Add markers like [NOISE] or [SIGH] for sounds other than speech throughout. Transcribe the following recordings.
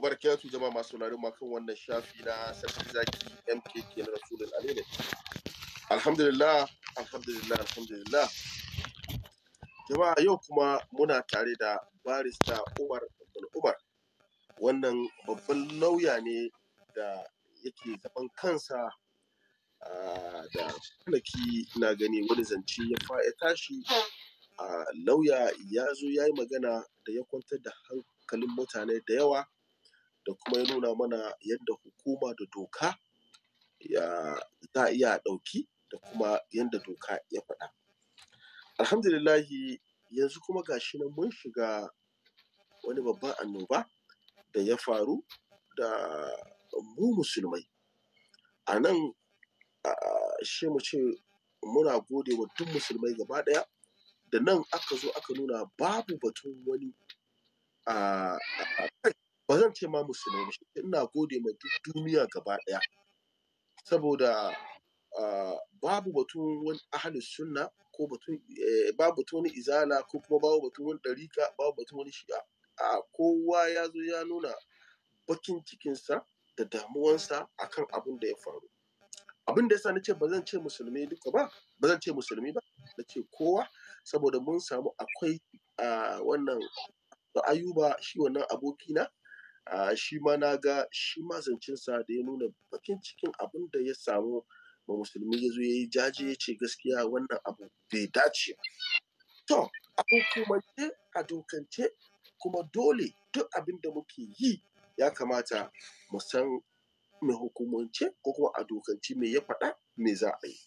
wa barakatu jama'a masu sauraro ma kan wannan shafi na sarki zaki MKK na Rasulul Alele. Alhamdulillah, alhamdulillah, alhamdulillah. Jama'a yau kuma muna tare da barista Umar Abdul Umar. Wannan babban lauya ne da yake zaban kansa da kwanaki na gani wani zance ya tashi lauya ya zo ya yi magana da ya kwantar da hankalin mutane da yawa da kuma ya nuna mana yadda hukuma da doka ya za iya ɗauki da kuma yadda doka ya faɗa alhamdulillahi yanzu kuma ga shi nan mun shiga wani babban annoba da ya faru da mu musulmai a nan shi mu ce muna gode wa duk musulmai gaba ɗaya da nan aka zo aka nuna babu batun wani a ba zan ce ma musulmi ba ina gode ma duk duniya gaba ɗaya saboda babu batun wani ahalus sunna ko batun eh, babu batun wani izala ko kuma babu batun wani ɗarika babu batun wani shi'a a kowa ya zo ya nuna bakin cikinsa da damuwansa akan abin da ya faru abin da yasa na ce ba zan ce musulmi duka ba ba zan ce musulmi ba na ce kowa saboda mun samu akwai wannan ayuba shi wannan abokina a ah, shi ma na ga shi ma zancensa da ya nuna bakin cikin abin da ya samu ma musulmi ya zo ya yi jaje ya ce gaskiya wannan abu bai dace to a hukumance a dokance kuma dole duk abin da muke yi ya kamata mu san mai hukumance ko kuma a dokance me ya faɗa me za a yi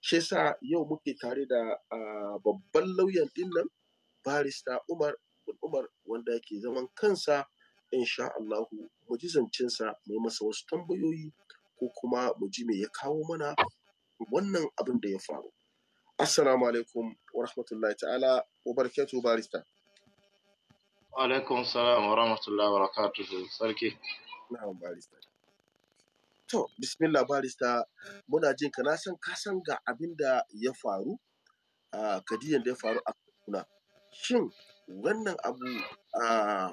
shi yasa yau muke tare da ah, babban lauyan ɗinnan barista umar umar wanda ke zaman kansa insha Allahu mu ji zancensa mu yi masa wasu tambayoyi ko kuma mu ji me ya kawo mana wannan abin da ya faru. Assalamu alaikum wa rahmatullahi ta'ala wa barakatuhu barista. Wa alaikum salam wa rahmatullahi wa barakatuhu sarki. Na'am barista. To, bismillah barista muna jin ka na san ka san ga abin da ya faru a ah, kadiyan da ya faru a kuna. Shin wannan abu a. Ah,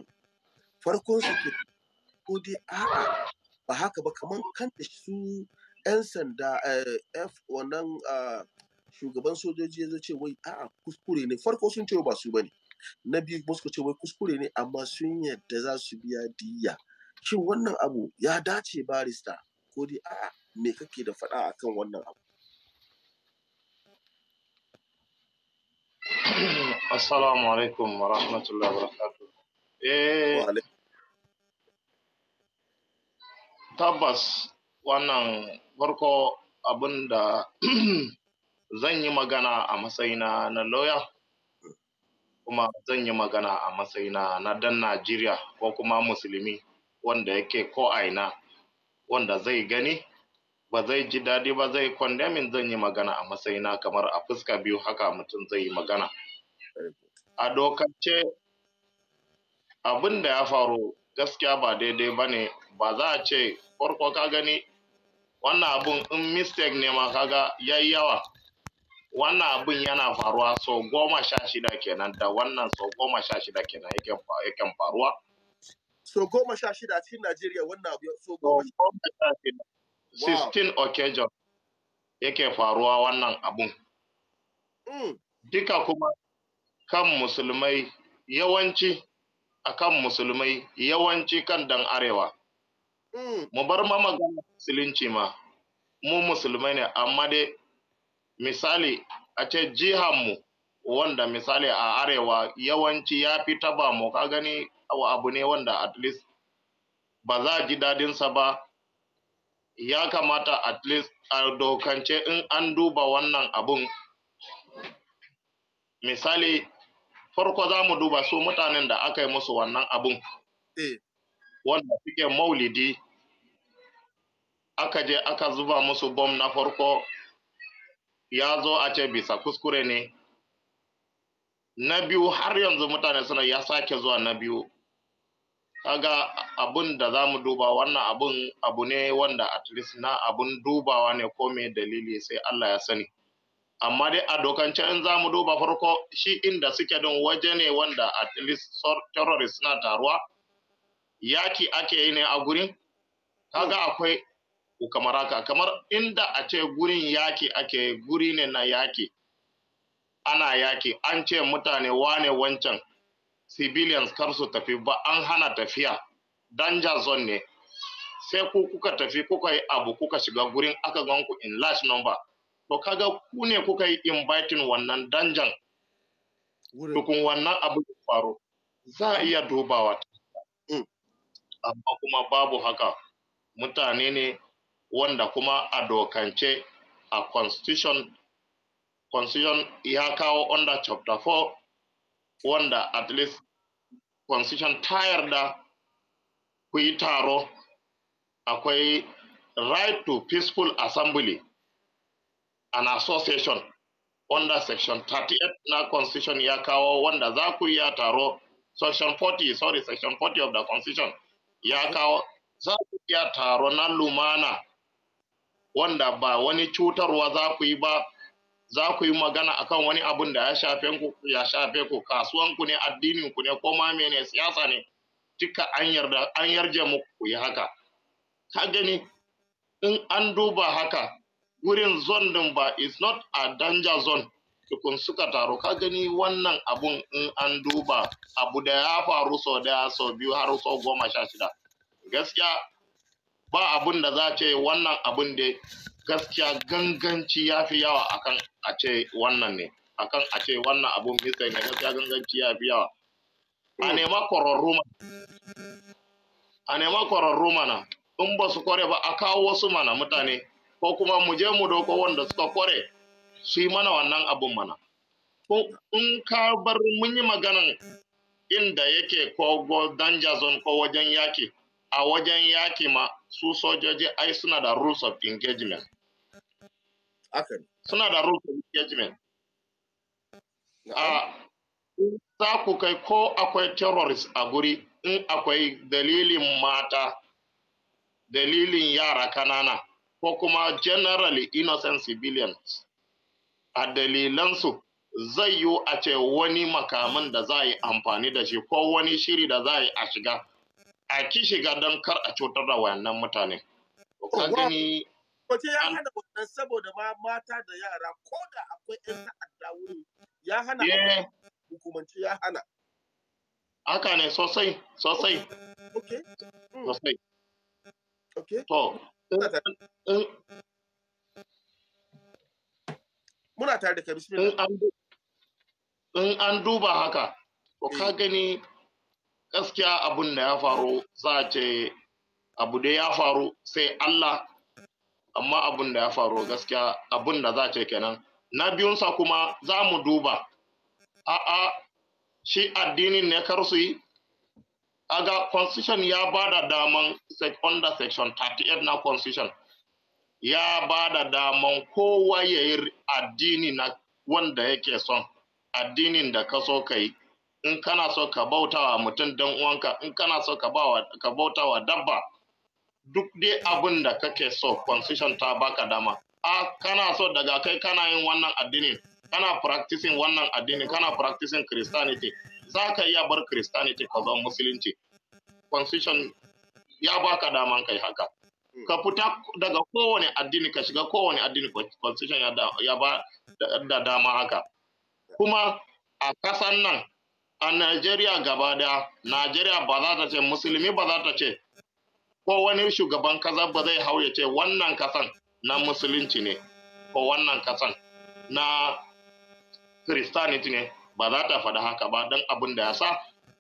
farkon su ke ko dai a'a ba haka ba kamar kanta su 'yan sanda eh, f wannan ah, shugaban sojoji ya zo ce wai a'a kuskure ne farko sun ce ba su ba ne na biyu ba su ce wai kuskure ne amma sun yadda za su biya diya shin wannan abu ya dace barista ko dai a'a me kake da faɗa akan wannan abu assalamu alaikum eh, wa rahmatullahi wa barakatuh eh tabbas wannan farko abin da [CLEARS THROAT] zan yi magana a matsayina na lawyer kuma zan yi magana a matsayina na dan Najeriya ko kuma musulmi wanda yake ko aina wanda zai gani ba zai ji daɗi ba zai kwandamin zan yi magana a matsayina kamar a fuska biyu haka mutum zai yi magana. A dokance abin da ya faru gaskiya ba daidai ba ne ba za a ce farko ka gani wannan abun in mistake ne ma kaga yayi yawa wannan abun yana faruwa sau goma sha shida kenan da wannan sau goma sha shida kenan yake faruwa so goma sha shida cikin Najeriya wannan abu so goma sha shida sixteen occasion yake faruwa wannan abun hmm. duka kuma kan musulmai yawanci akan musulmai yawanci kan dan arewa Hmm. mu bar ma magana musulunci ma mu musulmai ne amma dai misali a ce mu wanda misali a arewa yawanci ya fi taba mu ka gani abu ne wanda at least ba za a ji dadinsa ba ya kamata at least a dokance in an duba wannan abun misali farko za mu duba su mutanen da aka yi musu wannan abun. Eh. wanda suke maulidi aka je aka zuba musu bom na farko ya zo a ce bisa kuskure ne na biyu har yanzu mutane suna ya sake zuwa na biyu kaga abun da za mu duba wannan abun abu ne wanda at least na abun dubawa ne ko me dalili sai Allah ya sani amma dai a dokance in za mu duba farko shi inda suke don waje ne wanda at least terrorists na taruwa yaki ake yi ne a gurin kaga hmm. akwai kamar kamar inda a ce gurin yaki ake guri ne na yaki ana yaki an ce mutane wane wancan civilians kar su tafi ba an hana tafiya danger zone ne sai ku kuka tafi kuka yi abu kuka shiga gurin aka ganku in large number to kaga ku ne kuka yi inviting wannan danjan tukun wannan abu faru za a iya dubawa amma kuma babu haka mutane ne wanda kuma a dokance a constitution constitution ya kawo under chapter 4 wanda at least constitution ta yarda ku yi taro akwai right to peaceful assembly an association under section 38 na constitution ya kawo wanda za ku yi taro section 40 sorry section 40 of the constitution ya kawo za ku iya taro na lumana wanda ba wani cutarwa za ku yi ba za ku yi magana akan wani abun da ya shafe ku ya shafe ku kasuwanku ne addinin ku ne ko ma mene siyasa ne duka an yarda an yarje mu ku yi haka ka gani in an duba haka gurin zone din ba is not a danger zone tukun suka taru ka gani wannan abun in an duba abu da ya faru sau daya sau biyu har sau goma sha shida gaskiya ba abun da za ce wannan abun da gaskiya ganganci ya fi yawa akan a ce wannan ne akan a ce wannan abun mista ne gaskiya ganganci ya fi yawa a nema kwararru a nema kwararru mana in ba su kware ba a kawo wasu mana mutane ko kuma mu je mu doko wanda suka kware su yi mana wannan abun mana. In ka bar mun yi maganan inda yake ko danger zone ko wajen yaki, a wajen yaki ma su sojoji ai suna da rules of engagement. Suna da rules of engagement. A ah, za ku kai ko akwai terrorist a guri in akwai dalilin mata, dalilin yara kanana, ko kuma generally innocent civilians. a dalilansu zai yi a ce wani makamin da za a yi amfani da shi ko wani shiri da za a yi a shiga a ki shiga don kar a cutar da wayannan mutane. Wace ya hana wannan saboda ma mata da yara ko da akwai 'yan ta'adda wuri ya hana eh. hukumanci ya hana. Haka ne sosai, sosai. Hmm. Sosai. To, muna tare da ka in an duba haka to ka eh. gani gaskiya abun da ya faru za a ce abu da ya faru sai Allah amma abun da ya faru gaskiya abun da za a ce kenan na biyunsa kuma za mu duba a'a shi addinin ne kar su yi aga constitution ya ba da daman under section 38 na constitution ya ba da daman kowa ya yi addini na wanda yake son addinin da ka so ka yi in kana so ka bauta wa mutum don uwanka in kana so ka bauta wa dabba duk dai abin da kake so constitution ta baka dama a kana so daga kai kana yin wannan addinin kana practicing wannan addinin kana practicing christianity za ka iya bar christianity ka zo musulunci constitution ya baka daman kai haka ka fita daga kowane addini ka shiga kowane addini constitution ya ba da dama haka kuma a kasan nan a Najeriya gaba da Najeriya ba za ta ce musulmi ba za ta ce ko wani shugaban kasa ba zai hau ya ce wannan kasan na musulunci ne ko wannan kasan na Christianity ne ba za ta faɗi haka ba don abin da ya sa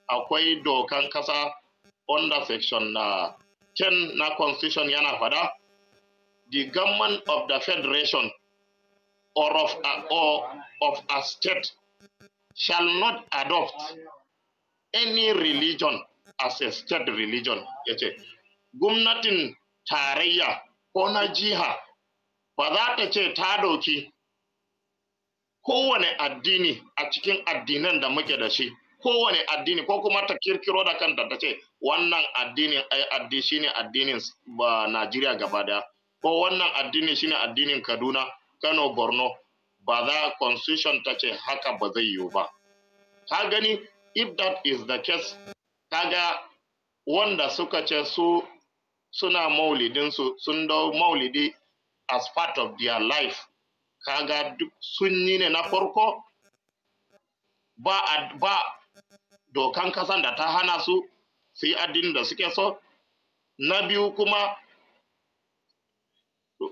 akwai dokan kasa under section na 10 na constitution yana fada the government of the federation or of a, or of a state shall not adopt any religion as a state religion yace gwamnatin tarayya ko na jiha ba za ta ce ta dauki kowane addini a cikin addinan da muke da shi kowane addini ko kuma ta kirkiro da kanta ta ce wannan addinin ai addini eh, shine addinin ba Najeriya gaba daya ko wannan addini shine addinin Kaduna Kano Borno ba za constitution ta ce haka ba zai yiwu ba ka gani if that is the case kaga wanda suka ce su suna su sun dau maulidi as part of their life kaga duk sun yi ne na farko ba, ba dokan kasan da ta hana su su yi addinin da suke so na biyu kuma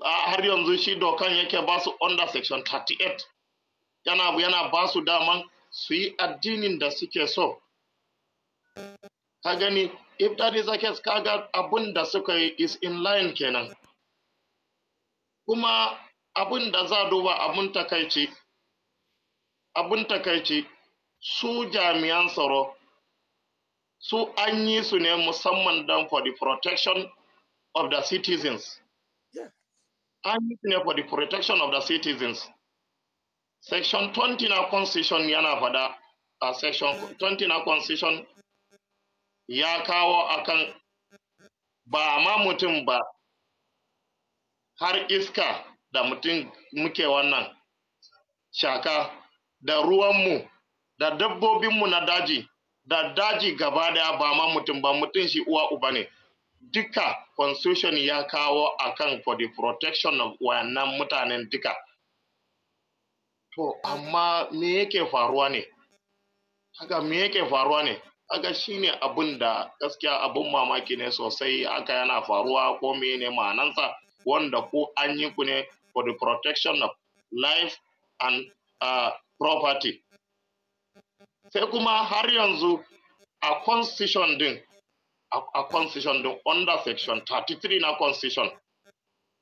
har yanzu shi dokan yake ba su under section 38 yana yana ba su daman su yi addinin da suke so ka gani if that is the case kaga abin da suka yi is in line kenan kuma abin da za duba abun takaici abin takaici su jami'an tsaro su an yi su ne musamman don for the protection of the citizens. An yi su ne for the protection of the citizens. Section 20 na constitution yana fada a section 20 na constitution ya kawo akan ba ma mutum ba har iska da mutum muke wannan shaka da ruwanmu da dabbobinmu na daji da daji gaba daya ba ma mutum ba mutum shi uwa uba ne duka constitution ya kawo akan for the protection of wayannan mutanen duka to amma me yake faruwa ne haka me yake faruwa ne haka shi ne abin da gaskiya abin mamaki ne sosai aka yana faruwa ko mene ma'anansa wanda ko an yi ku ne for the protection of life and uh, property sai kuma har yanzu a constitution din a constitution din under section 33 na constitution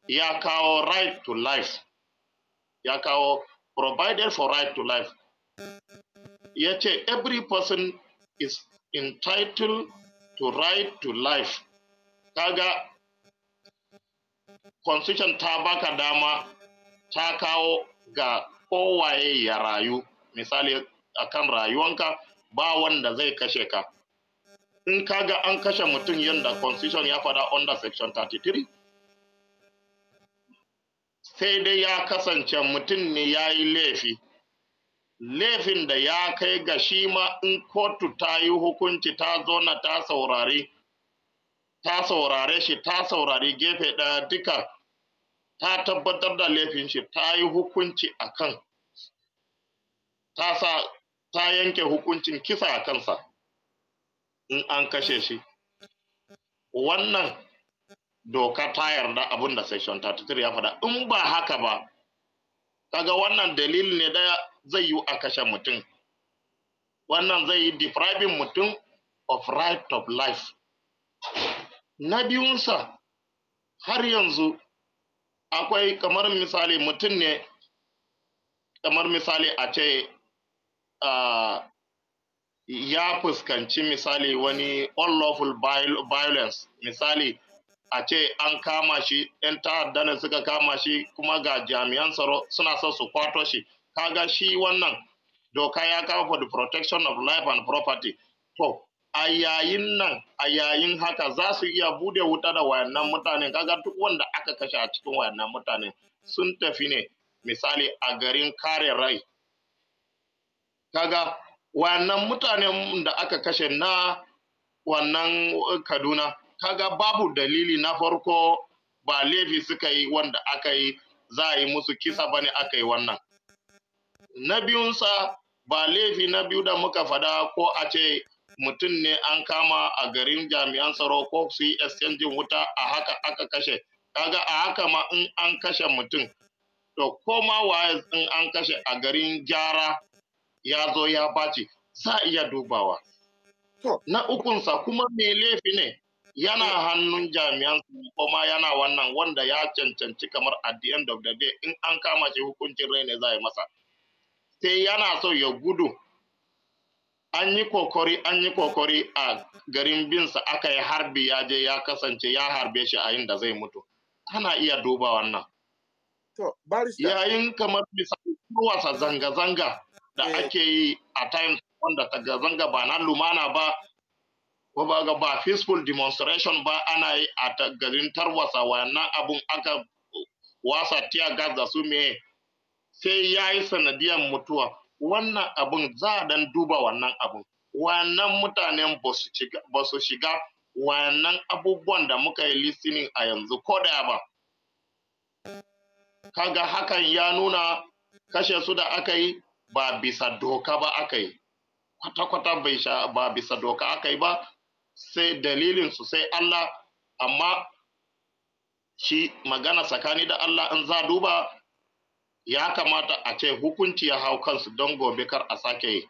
ya kawo right to life ya kawo provided for right to life ya ce every person is entitled to right to life kaga constitution ta baka dama ta kawo ga kowaye ya rayu misali kan rayuwanka ba wanda zai kashe ka in ka ga an kashe mutum yadda constitution ya faɗa under section 33 sai dai ya kasance mutum ne ya yi laifi laifin da ya kai ga shi ma in kotu ta yi hukunci ta zona ta saurari ta saurare shi ta saurari gefe ɗaya duka ta tabbatar da laifin shi ta yi hukunci a kan ta sa ta yanke hukuncin kisa a kansa in an kashe shi wannan doka ta yarda abin da section 33 ya faɗa in ba haka ba kaga wannan dalil ne da zai yi a kashe mutum wannan zai yi depriving mutum of right of life na biyunsa har yanzu akwai kamar misali mutum ne kamar misali a ce ya fuskanci misali wani unlawful violence misali a ce an kama shi yan ta'adda ne suka kama shi kuma ga jami'an tsaro suna son su kwato shi kaga shi wannan doka ya kama for the protection of life and property to a yayin nan a yayin haka za su iya bude wuta da wayannan mutane kaga duk wanda aka kashe a cikin wayannan mutane sun tafi ne misali a garin kare rai kaga wannan mutanen da aka kashe na wannan eh, kaduna kaga babu dalili na farko ba laifi suka yi wanda aka yi za a yi musu kisa ba ne aka yi wannan na biyunsa ba laifi na biyu da muka fada ko a ce mutum ne an kama a garin jami'an tsaro ko su yi exchange wuta a haka aka kashe kaga a haka ma in an kashe mutum to koma waye in an kashe a garin gyara? ya zo ya baci, sa iya dubawa na ukunsa kuma mai laifi ne yana hannun jami'an kuma yana wannan wanda ya cancanci kamar at the end of the day in an kama shi hukuncin rai ne za yi masa sai yana so ya gudu an yi kokori an yi kokori a garin binsa aka yi harbi ya je ya kasance ya harbe shi a inda zai mutu ana iya duba wannan yayin kamar misali zanga-zanga da eh. ake yi a times wanda ta zanga ba na lumana ba ko ba ga ba peaceful demonstration ba ana yi a garin tarwasa wannan abun aka wasa tiya gas da su me sai ya yi sanadiyar mutuwa wannan abun za a dan duba wannan abun wannan mutanen ba su shiga wannan abubuwan da muka yi listening a yanzu ko da ba kaga hakan ya nuna kashe su da aka yi ba bisa doka ba aka yi kwata-kwata bai sha ba bisa doka aka yi ba sai dalilin su sai Allah amma shi magana tsakani da Allah in za duba ya kamata a ce hukunci ya hau kansu don gobe kar a sake yi.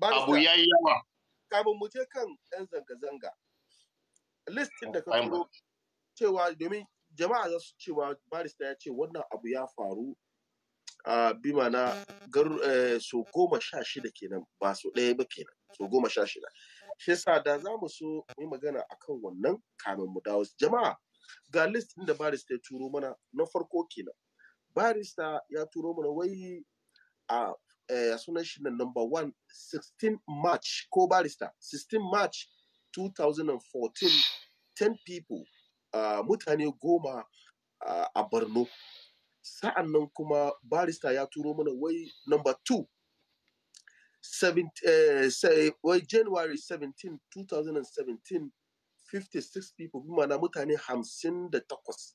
Abu ya yi yawa. kabin mu je kan ɗan zanga-zanga, listin oh, da ka cewa domin jama'a za su cewa barista ya ce wannan abu ya faru a bi mana eh, so goma sha shida kenan ba so ɗaya ba kenan so goma sha shida shi yasa da za mu so mu magana akan wannan kamin mu dawo jama'a ga list da barista ya turo mana na farko kenan barista ya turo mana wai a eh, sunan shi na number one 16 march ko barista 16 march 2014 10 people mutane goma a borno sa'an nan kuma barista ya turo mana wai number two seven, uh, eh, say, wai january 17 2017 56 people bi mana mutane 58 takwas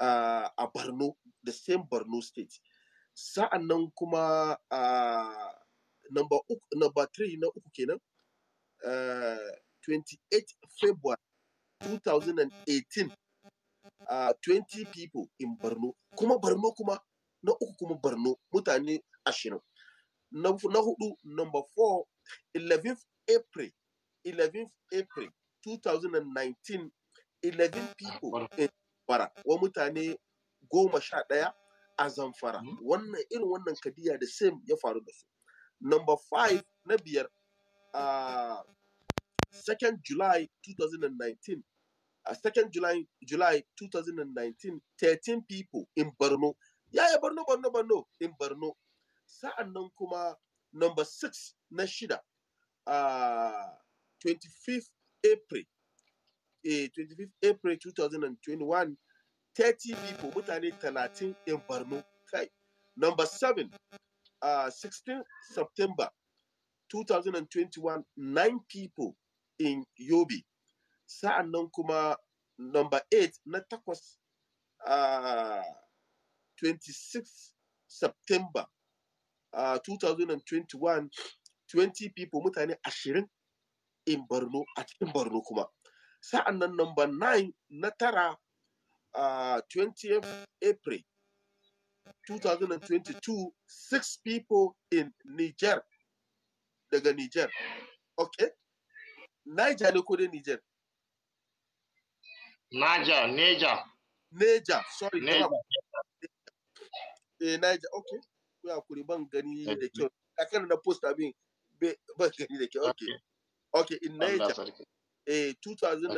a borno the same borno state sa'an nan kuma uh, number, uk, number three na uku kenan uh, eh, 28 february 2018 uh, 20 people in Borno kuma Borno kuma na uku kuma Borno mutane ashirin na, na hudu number 4 11 April 11 April 2019 11 people in Bara, wa mutane goma sha ɗaya a Zamfara hmm? wannan irin wannan kadiya da same ya faru da su number 5 na biyar uh, 2nd July 2019 a second July, July 2019, 13 people in Borno. Yaya Borno, Borno, Borno in Borno. Sa'an nan kuma number 6 na shida uh, 25 April. Eh, 25 April 2021, 30 people, mutane 30 in Borno. Kai. Number 7, uh, 16 September 2021, 9 people in Yobe. sa'an nan kuma number 8 na takwas a ah, 26 September uh, 2021 20 people mutane 20 in Borno a cikin Borno kuma. Sa'an nan number 9 na tara uh, ah, 20 April 2022 six people in Niger daga Niger. Okay? Niger ne ko dai Niger? Niger, Niger. Niger, sorry. Niger. Eh, Niger, okay. Ku hakuri ban gani da kyau. Kakan ban gani da kyau. Okay. Okay, in Niger. Eh, 2006.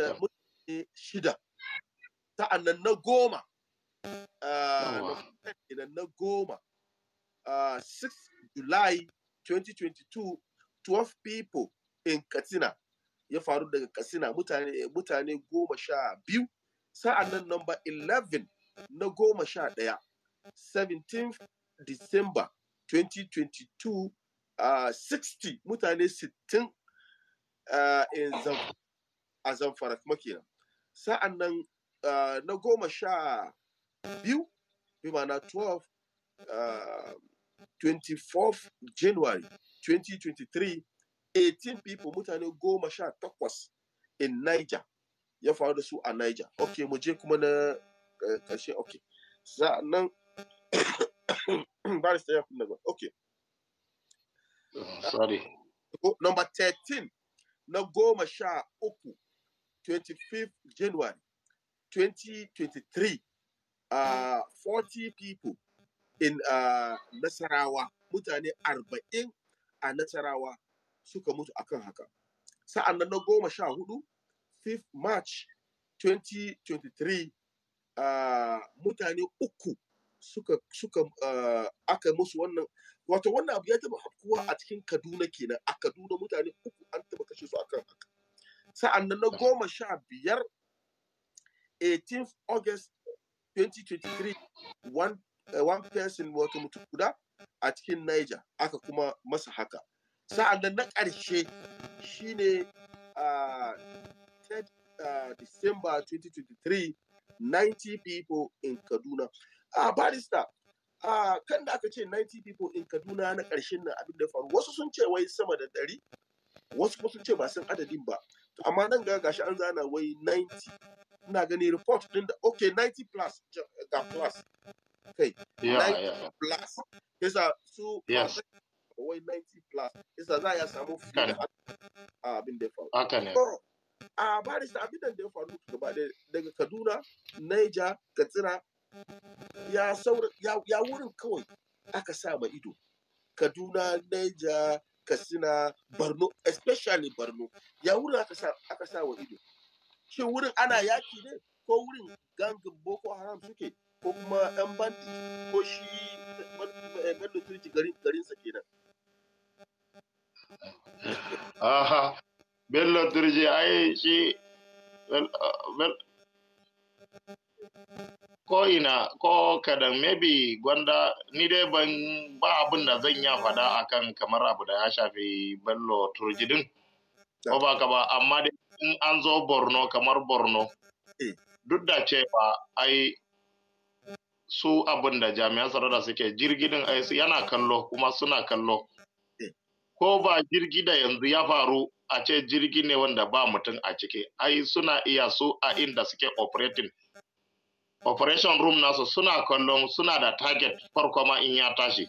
Eh, na goma. Ah, na goma. Uh, ah, 6 July 2022, 12 people in Katsina ya faru daga katsina mutane mutane goma sha biyu sa'an nan namba 11 na goma sha ɗaya 17 December 2022 uh, 60 mutane 60 uh, in a zamfara kuma kenan sa'an nan uh, na goma sha biyu bi ma'ana 12 uh, 24 January 2023 18 people mutane goma sha takwas in Niger ya faru da su a Niger. Ok, mu je kuma na ƙarshe eh, ok. Sa'annan [COUGHS] barista ya kuma ok. Sorry. Number 13 na goma sha uku 25th January 2023 uh, 40 people in uh, Nasarawa mutane 40 a Nasarawa suka mutu akan haka sa'an nan na goma sha hudu 5 march 2023 mutane uku suka suka aka musu wannan wato wannan abu ya taba afkuwa a cikin kaduna kenan a kaduna mutane uku an taba kashe su akan haka sa'an nan na goma sha biyar 18th august 2023 eh, one, person wato mutu guda a cikin niger aka kuma masa haka sa'an nan na ƙarshe shine ne 3rd uh, December 2023 90 people in Kaduna. Uh, ah, barista, uh, kan da aka ce 90 people in Kaduna na ƙarshen nan abin da faru wasu sun ce wai sama da ɗari wasu kuma sun ce ba san adadin ba amma nan ga gashi an zana wai 90 ina gani report din da okay 90 plus ga plus kai okay. yeah, 90 yeah. plus yasa su yes. ba wai 90 plus isa za a samu uh, fiye a abin da ya faru haka ne a barista abin da ya faru gaba daga kaduna naija katsina ya saura ya wurin kawai aka sa ma ido kaduna naija katsina borno especially borno ya wurin aka sa wa ido shin wurin ana yaki ne ko wurin gangin boko haram suke ko kuma yan banti ko shi eh, eh, bello turji garinsa kenan bello ai shi uh, ko ina ko kadan maybe gwanda ni dai ban ba abin da zan ya faɗa akan kamar abu da ya shafi bello din. ko ba ka ba amma dai an zo borno kamar borno eh. duk da cewa ai su abin da jami'an tsaro da suke jirgin ai yana kallo kuma suna kallo ko ba jirgi da yanzu ya faru a ce jirgi ne wanda ba mutum a ciki ai suna iya su a inda suke operating operation room nasu suna kallon suna da target farko ma in ya tashi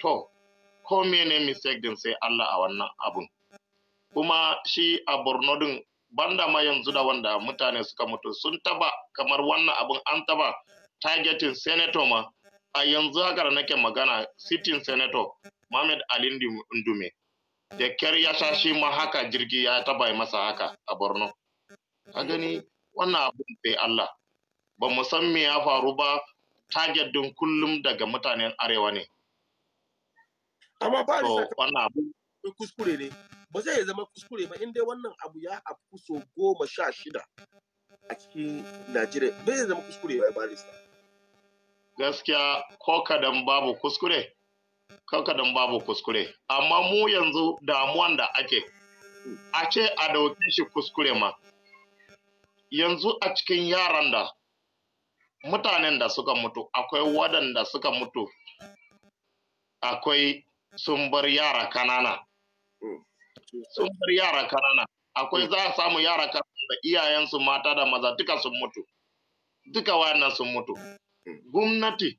to ko ne mistake din sai Allah a wannan abun kuma shi a Borno din banda ma yanzu da wanda mutane suka mutu sun taba kamar wannan abun an taba targeting senator ma a yanzu haka da nake magana sitting senator Mohammed Ali Ndume da kyar ya sha shi ma haka jirgi ya taba masa haka a Borno ka gani wannan abin bai Allah ba mu san me ya faru ba target din kullum daga mutanen arewa ne amma ba wannan abin kuskure ne ba zai zama kuskure ba in dai wannan abu ya afku so goma sha shida a cikin Najeriya zai zama kuskure ba ba Gaskiya ko kadan babu kuskure don babu kuskure amma mu yanzu damuwan da ake a ce a dauke shi kuskure ma yanzu a cikin yaran da mutanen da suka mutu akwai waɗanda suka mutu akwai sun bar yara kanana sun bar yara kanana akwai za a samu yara kanana da iyayensu mata da maza duka sun mutu duka wayannan sun mutu gwamnati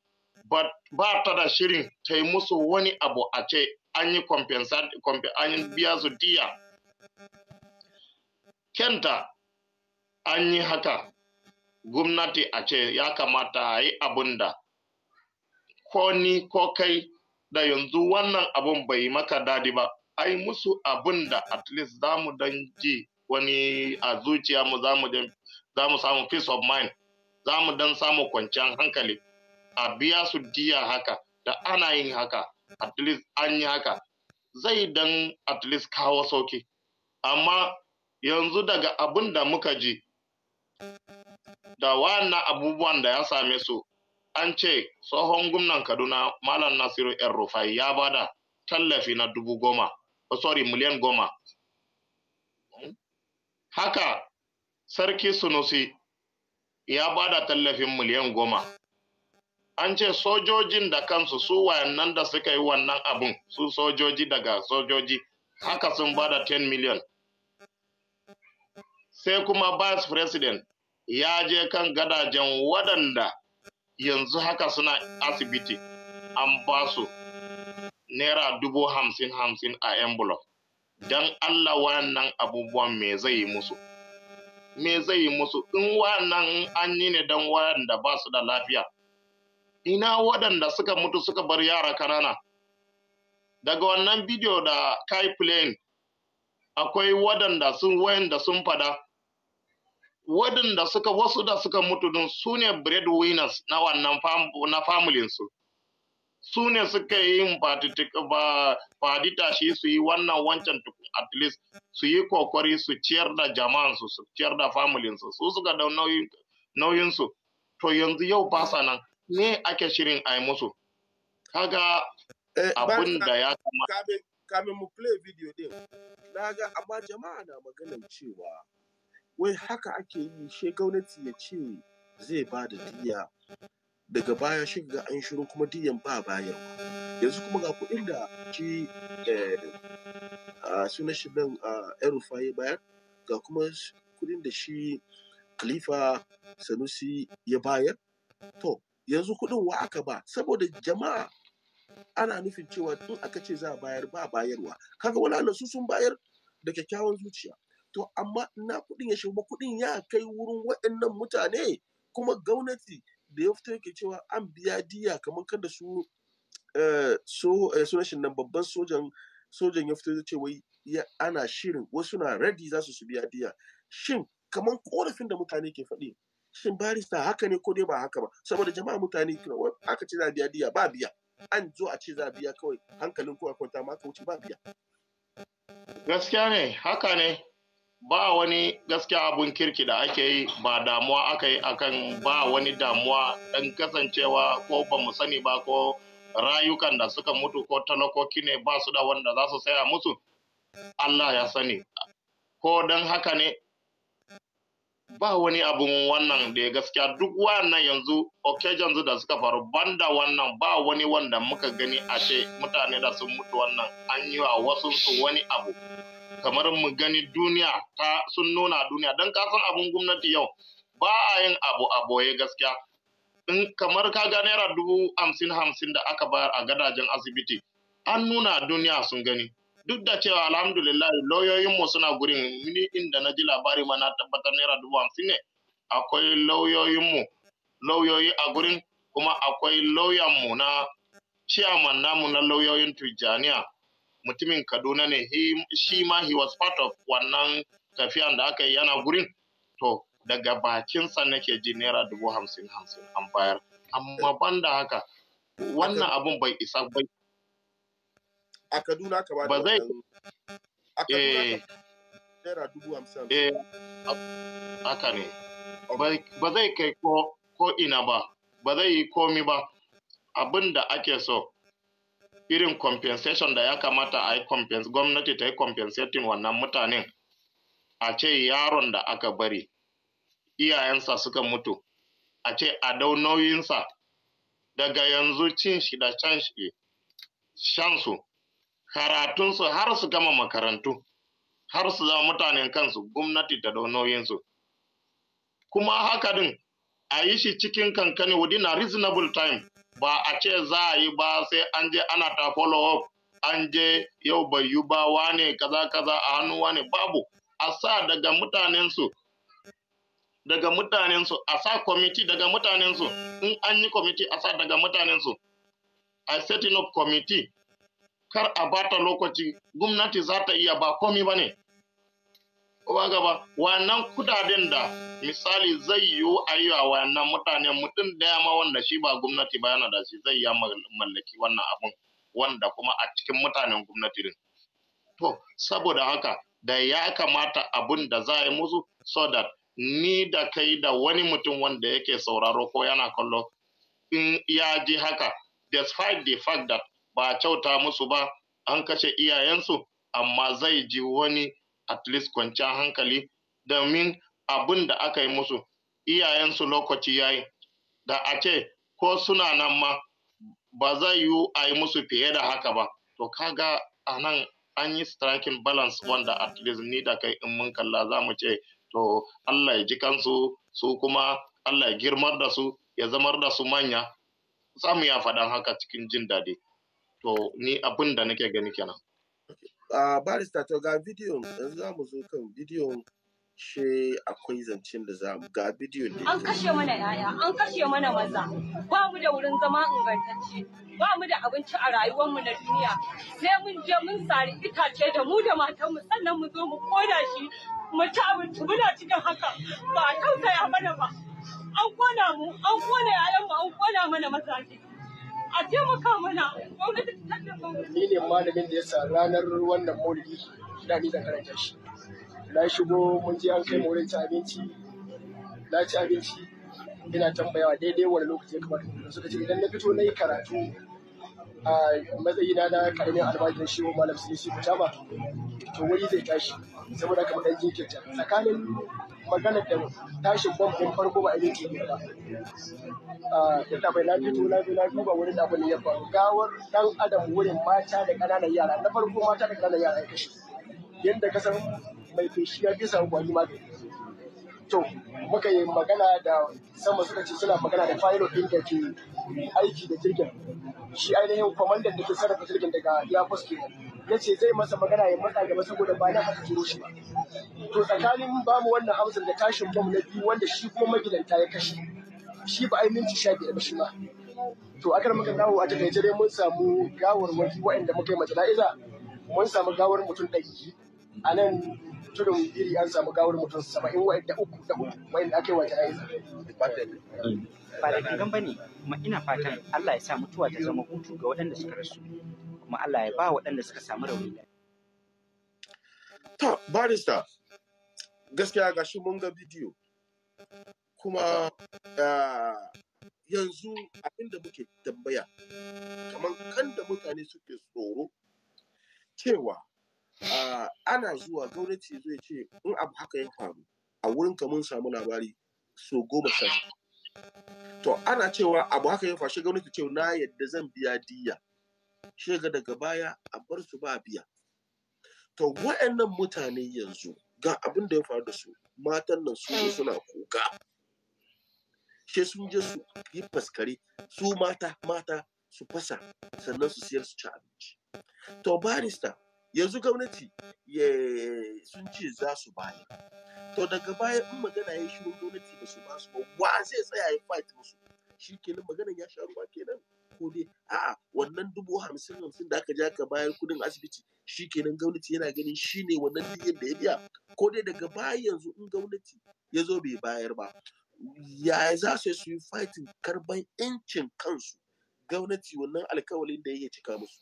ba ta da shirin ta yi musu wani abu a ce an yi biya su diya kenta an yi haka gwamnati a ce ya kamata a yi abin da ko ni ko kai da yanzu wannan abun bai maka dadi ba ai musu abin da at least za mu dan ji wani a zuciya mu za mu samu peace of mind za mu dan samu kwanciyar hankali a biya su diya haka da ana yin haka at least an yi haka zai dan at least kawo sauki amma yanzu daga abin da muka ji da wannan abubuwan da ya same su an ce tsohon gwamnan kaduna malam nasiru yan rufai ya bada tallafi na dubu goma oh, sorry miliyan goma haka sarki sunusi ya bada tallafin miliyan goma an ce sojojin da kansu su wayannan da suka yi wannan abun su sojoji daga sojoji haka sun ba da 10 million sai kuma vice president ya je kan gadajen waɗanda yanzu haka suna asibiti an ba su naira dubu hamsin hamsin a envelope don allah wayannan abubuwan me zai yi musu me zai yi musu in wayannan an yi ne don wayanda ba su da lafiya ina waɗanda suka mutu suka bar yara kanana daga wannan bidiyo da kai plane akwai waɗanda sun wayanda sun fada waɗanda suka wasu da suka mutu don su ne breadwinners na wannan na familinsu su ne suka yi yin fadita shi su yi wannan wancan tukun at least su yi kokari su ciyar da jama'ansu su ciyar da familinsu su suka da nauyinsu to yanzu yau ba sa nan ne ake shirin a yi musu kaga eh, abin da ya kama kamin mu play video din na ga amma jama'a na maganar cewa wai haka ake yi she gwamnati ya ce zai ba da diya daga baya shi ga an shiru kuma diyan ba bayan yanzu kuma ga kuɗin da shi eh, suna shi nan erufa ya bayar ga kuma kuɗin da shi khalifa sanusi ya bayar to yanzu kuɗin wa aka ba saboda jama'a ana nufin cewa in aka ce za a bayar ba bayarwa kaga wala su sun bayar da kyakkyawan zuciya to amma na kuɗin ya shiga kuɗin ya kai wurin waɗannan mutane kuma gwamnati da ya fito yake cewa an biya diya kamar kada su eh, so eh, nan babban sojan sojan ya fito ya ce wai ana shirin wasu na radi za su biya diya shin kamar korafin da mutane ke faɗi shin barista haka ne ko dai ba haka ba saboda jama'a mutane aka ce za biya diya ba biya an zo a ce za biya kawai hankalin kowa kwanta ma ka wuce ba biya gaskiya ne haka ne ba wani gaskiya abun kirki da ake yi ba damuwa aka yi akan ba wani damuwa dan kasancewa ko ba mu sani ba ko rayukan da suka mutu ko talakoki ne ba su da wanda za su saya musu Allah ya sani ko dan haka ne ba wani abun wannan da gaskiya duk wannan yanzu occasions da suka faru banda wannan ba wani wanda muka gani ashe mutane da sun mutu wannan an yi wa wasu su wani abu kamar mu gani duniya ta sun nuna duniya don kasan abun gwamnati yau ba a yin abu a boye gaskiya in kamar ka ga naira dubu hamsin hamsin da aka bayar a gadajen asibiti an nuna duniya sun gani duk da cewa alhamdulillah lauyoyin mu suna gurin ni inda na ji labari ma na tabbatar naira dubu hamsin ne akwai lauyoyin lauyoyi a gurin kuma akwai lauyan mu na chairman namu na lauyoyin Tijjaniya mutumin Kaduna ne shi ma he was part of wannan tafiyan da aka yi yana gurin to daga bakin bakinsa nake ji naira dubu hamsin hamsin an bayar amma banda haka wannan abun bai isa bai a Kaduna aka ba da a Kaduna eh. dubu hamsin eh haka ne ba zai kai ko ko ina ba ba zai yi komi ba abin da ake so irin compensation da ya kamata a yi gwamnati ta yi compensating wannan mutanen a ce yaron da aka bari iyayensa suka mutu a ce a dau nauyinsa daga yanzu cin shi da can shi shansu karatunsu har su gama makarantu har su zama mutanen kansu gwamnati da nauyinsu kuma haka din a yi shi cikin kankani within a reasonable time ba a ce za a yi ba sai an je ana ta follow up an je yau bai yi ba wane kaza kaza a hannu wane babu a sa daga mutanensu daga mutanensu a sa kwamiti daga mutanensu in an yi kwamiti a sa daga mutanensu a setting up committee kar a bata lokaci gwamnati za ta iya ba komi ba ne. Ba gaba, wannan kudaden da misali zai yiwu a yi wa wannan mutane mutum daya ma wanda shi ba gwamnati ba yana da shi zai ya mallaki wannan abun wanda kuma a cikin mutanen gwamnati din. To, saboda haka da ya kamata abin da za a yi musu so that ni da kai da wani mutum wanda yake sauraro ko yana kallo in ya ji haka despite the fact that ba a kyauta musu ba an kashe iyayensu amma zai ji wani at least kwanciyar hankali domin abin da aka yi musu iyayensu lokaci yayi da a ce ko suna nan ma ba zai yiwu a yi musu fiye da haka ba to kaga a nan an yi striking balance wanda at least ni da kai in mun kalla za mu ce to Allah ya ji kansu su kuma Allah ya girmar da su ya zamar da su manya samu ya faɗan haka cikin jin daɗi To ni abin da nake gani kenan. A barista to ga bidiyon yanzu za mu zo kan bidiyon she akwai zancen da za mu ga bidiyon ne. An kashe mana yaya, an kashe mana maza, ba mu da wurin zama ingantacce, ba mu da abinci a rayuwar mu na duniya, sai mun je mun sari itace da mu da matanmu sannan mu zo mu koda shi mu ci abinci muna cikin haka ba a tausaya mana ba. An kona mu, an kona yayan mu, an kona mana mazaje. a taimaka mana ni ne malamin da ya sa ranar wannan maulidi da ni karanta shi na shigo mun je an kai mu ci abinci na ci abinci ina tambayawa daidai wani lokaci ya kamata suka ce idan na fito na yi karatu a matsayina na karamin albajirin shi wa malam sisi kutama to wuri zai tashi saboda kamar dan jinkirta tsakanin maganar da tashi bom din farko ba a yi ke ba da bai na fito na na duba wurin da abin ya faru gawar dan adam wurin mata da ƙananan yara na farko mata da ƙananan yara ya kashe yadda ka san mai feshi ya fi sa gwani magani to muka yi magana da sama suka ce suna magana da pilot din da ke aiki da jirgin shi ainihin kwamandan da ke sarrafa jirgin daga ya ke ya ce zai masa magana ya matsa gaba saboda ba na haka turo shi ba to tsakanin bamu wannan amsar da tashin bom na biyu wanda shi kuma magidanta ya kashe shi ba minti sha biyar ba shi ma to akar muka dawo a takaice dai mun samu gawar wani waɗanda muka yi mace na'iza mun samu gawar mutum ɗari a nan tudun biri an samu gawar mutum saba'in wa, da uku da uku wa'in da ake wata ba da gangan ba ne kuma ina fatan Allah ya sa mutuwa ta zama hutu ga waɗanda suka rasu kuma Allah ya ba waɗanda suka samu rauni ta barista gaskiya ga shi mun ga bidiyo kuma yanzu abinda muke tambaya kamar kan da mutane suke tsoro cewa Ah, ana zuwa gwamnati zai ce in abu haka ya faru a wurin ka mun samu labari so goma sha to ana cewa abu haka ya faru gwamnati ce na yadda zan biya diya shi ga daga baya a bar su ba biya to wa'annan mutane yanzu ga abin da ya faru da su matan nan su suna kuka She sun je su yi faskare su mata mata su fasa sannan su siyar su ci abinci to barista yanzu gwamnati sun ce za su bayar to daga baya in magana ya shiru gwamnati ba su ba su ba wa zai tsaya ya fight musu shi kenan magana ya sha ruwa kenan ko dai a'a wannan dubu hamsin hamsin da aka ja ka bayar kudin asibiti shi kenan gwamnati yana ganin shi ne wannan diyan da ya biya ko dai daga baya yanzu in gwamnati ya zo bai bayar ba ya za su yi su yi fighting karban 'yancin kansu gwamnati wannan alkawalin da yake cika musu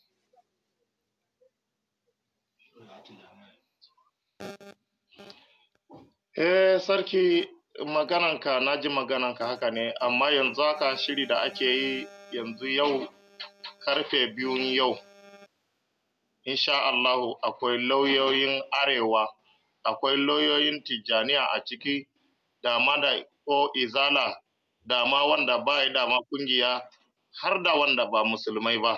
Eh sarki magananka na ji magananka haka ne amma yanzu haka shiri da ake yi yanzu yau karfe biyun yau insha Allahu akwai lauyoyin arewa akwai lauyoyin tijjaniya a ciki dama da ko izala dama wanda ba ya dama kungiya har da wanda ba musulmai ba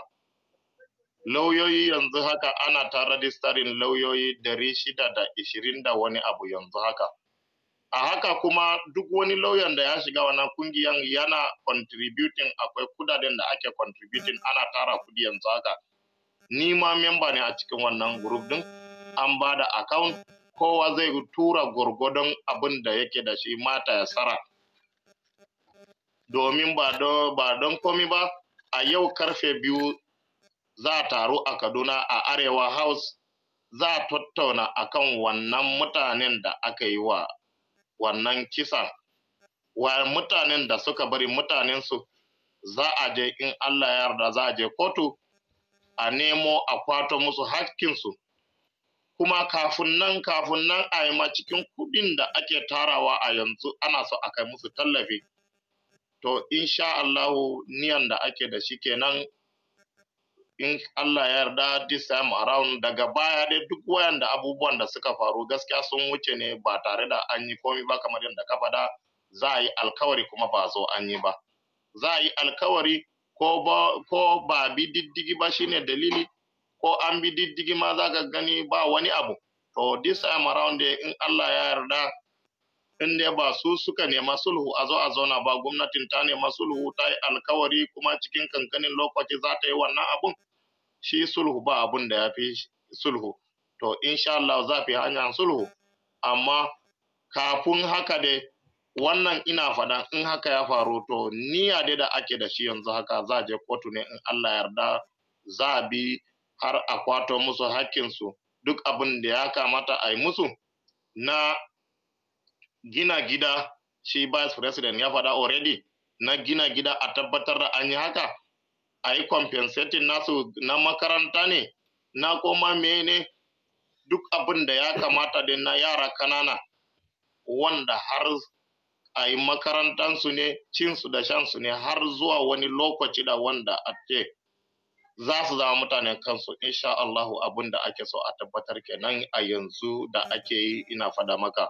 Lauyoyi yanzu haka ana ta rajistarin lauyoyi dari shida da ishirin da wani abu yanzu haka. A haka kuma duk wani lauyan da ya shiga wannan kungiyan yana contributing akwai kudaden da ake contributing ana tara kudi yanzu haka. Ni ma memba ne a cikin wannan group din an ba da account kowa zai tura gwargwadon abin da yake da shi mata ya tsara. Domin ba don komi ba, a yau karfe biyu za a taru a Kaduna a Arewa House za a tattauna akan wannan mutanen da aka yi wa wannan kisan. Wa mutanen da suka bari mutanensu za a je in Allah ya yarda za a je kotu a nemo a kwato musu hakkinsu. Kuma kafin nan kafin nan a yi ma cikin kuɗin da ake tarawa a yanzu ana so a kai musu tallafi. To, insha Allahu niyan da ake da shi kenan in Allah ya yarda this time around daga baya dai duk wayan da abubuwan da suka faru gaskiya sun wuce ne ba tare da an yi komi ba kamar yadda ka faɗa za a yi alkawari kuma ba zo an yi ba za a yi alkawari ko ba bi diddigi ba shine dalili ko an bi diddigi ma za ka gani ba wani abu to this time around dai in Allah ya yarda in dai ba su suka nema sulhu a zo a zauna ba gwamnatin ta nema sulhu ta yi alkawari kuma cikin kankanin lokaci za ta yi wannan abun shi sulhu ba abun da ya fi sulhu to insha Allah za fi hanyar sulhu amma kafin haka dai wannan ina faɗan in haka ya faru to niyya dai da ake da shi yanzu haka za je kotu ne in Allah yarda za bi har a kwato musu hakkinsu duk abin da ya kamata a yi musu na gina gida shi vice president ya faɗa already na gina gida a tabbatar da an yi haka a yi compensating nasu na makaranta ne na koma mene duk abin da ya kamata da na yara kanana wanda har a yi makarantansu ne cinsu da shansu ne har zuwa wani lokaci da wanda a ce za su zama mutane kansu insha Allahu abin da ake so a tabbatar kenan a yanzu da ake yi ina fada maka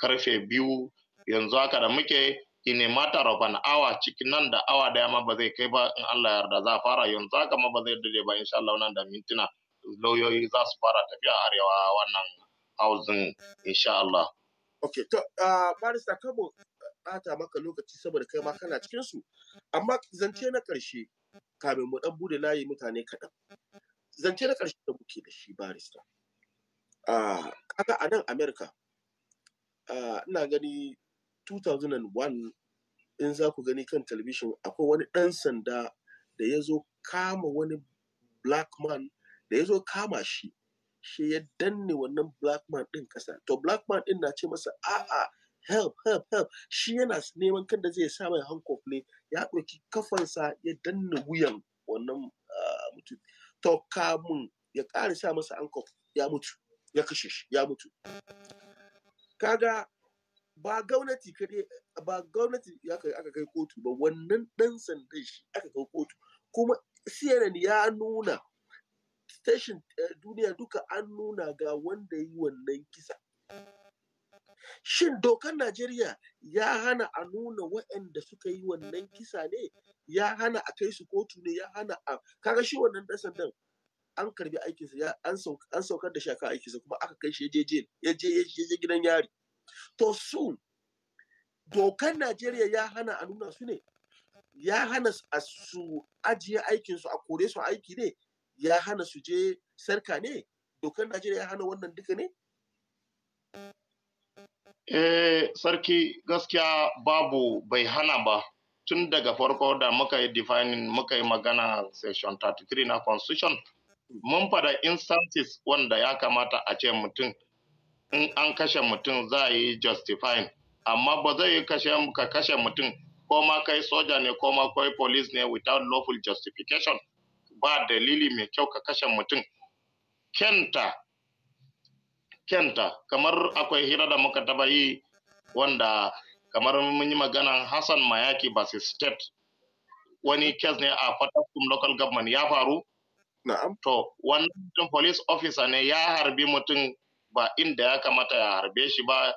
karfe biyu yanzu haka da muke in a matter of an hour cikin nan da awa daya ma ba zai kai ba in Allah yarda za fara yanzu haka ma ba zai dade ba insha Allah nan da mintuna lauyoyi za su fara tafiya arewa wannan housing insha Allah okay to uh, barista kabo bata maka lokaci saboda kai ma kana cikin su amma zance na karshe kamin mu dan bude layi mutane kaɗan zance na karshe da muke da shi barista kaga a nan america ina gani 2001 in za ku gani kan talabishin akwai wani ɗan sanda da ya zo kama wani black man da ya zo kama shi shi ya danne wannan black man ɗin ƙasa to black man ɗin na ce masa a'a help help help shi yana neman kan da zai samun mai hankof ne ya ɗauki kafansa ya danne wuyan wannan ah, mutum to kamun ya ƙara sa masa hankof ya mutu ya kashe shi ya mutu kaga ba gwamnati kaɗai ba gwamnati aka kai kotu ba wannan ɗan sandan shi aka kai kotu kuma cnn ya nuna station eh, duniya duka an nuna ga wanda yi wannan kisa shin dokar najeriya ya hana a nuna waɗanda suka yi wannan kisa ne ya hana a kai su kotu ne ya hana a kaga shi wannan ɗan sandan an karbi aikinsa an saukar da shi akan aikinsa kuma aka kai shi ya je gidan yari to su dokan najeriya ya hana a nuna su ne ya hana su ajiye aikinsu a kore su aiki ne ya hana su je sarka ne dokar najeriya ya hana wannan duka ne eh sarki gaskiya babu bai hana ba tun daga farko da muka yi defining muka yi magana section 33 na constitution mun fada instances wanda ya kamata a ce mutum in an kashe mutum za a yi justifying amma ba zai yi ka kashe mutum ko ma kai soja ne ko ma kai police ne without lawful justification ba dalili mai kyau ka kashe mutum kenta kenta kamar akwai hira da muka taba yi wanda kamar mun yi magana hassan mayaki ba state wani kes ne a fataskum local government ya faru na'am to wannan police officer ne ya harbi mutum ba inda ya kamata ya harbe shi ba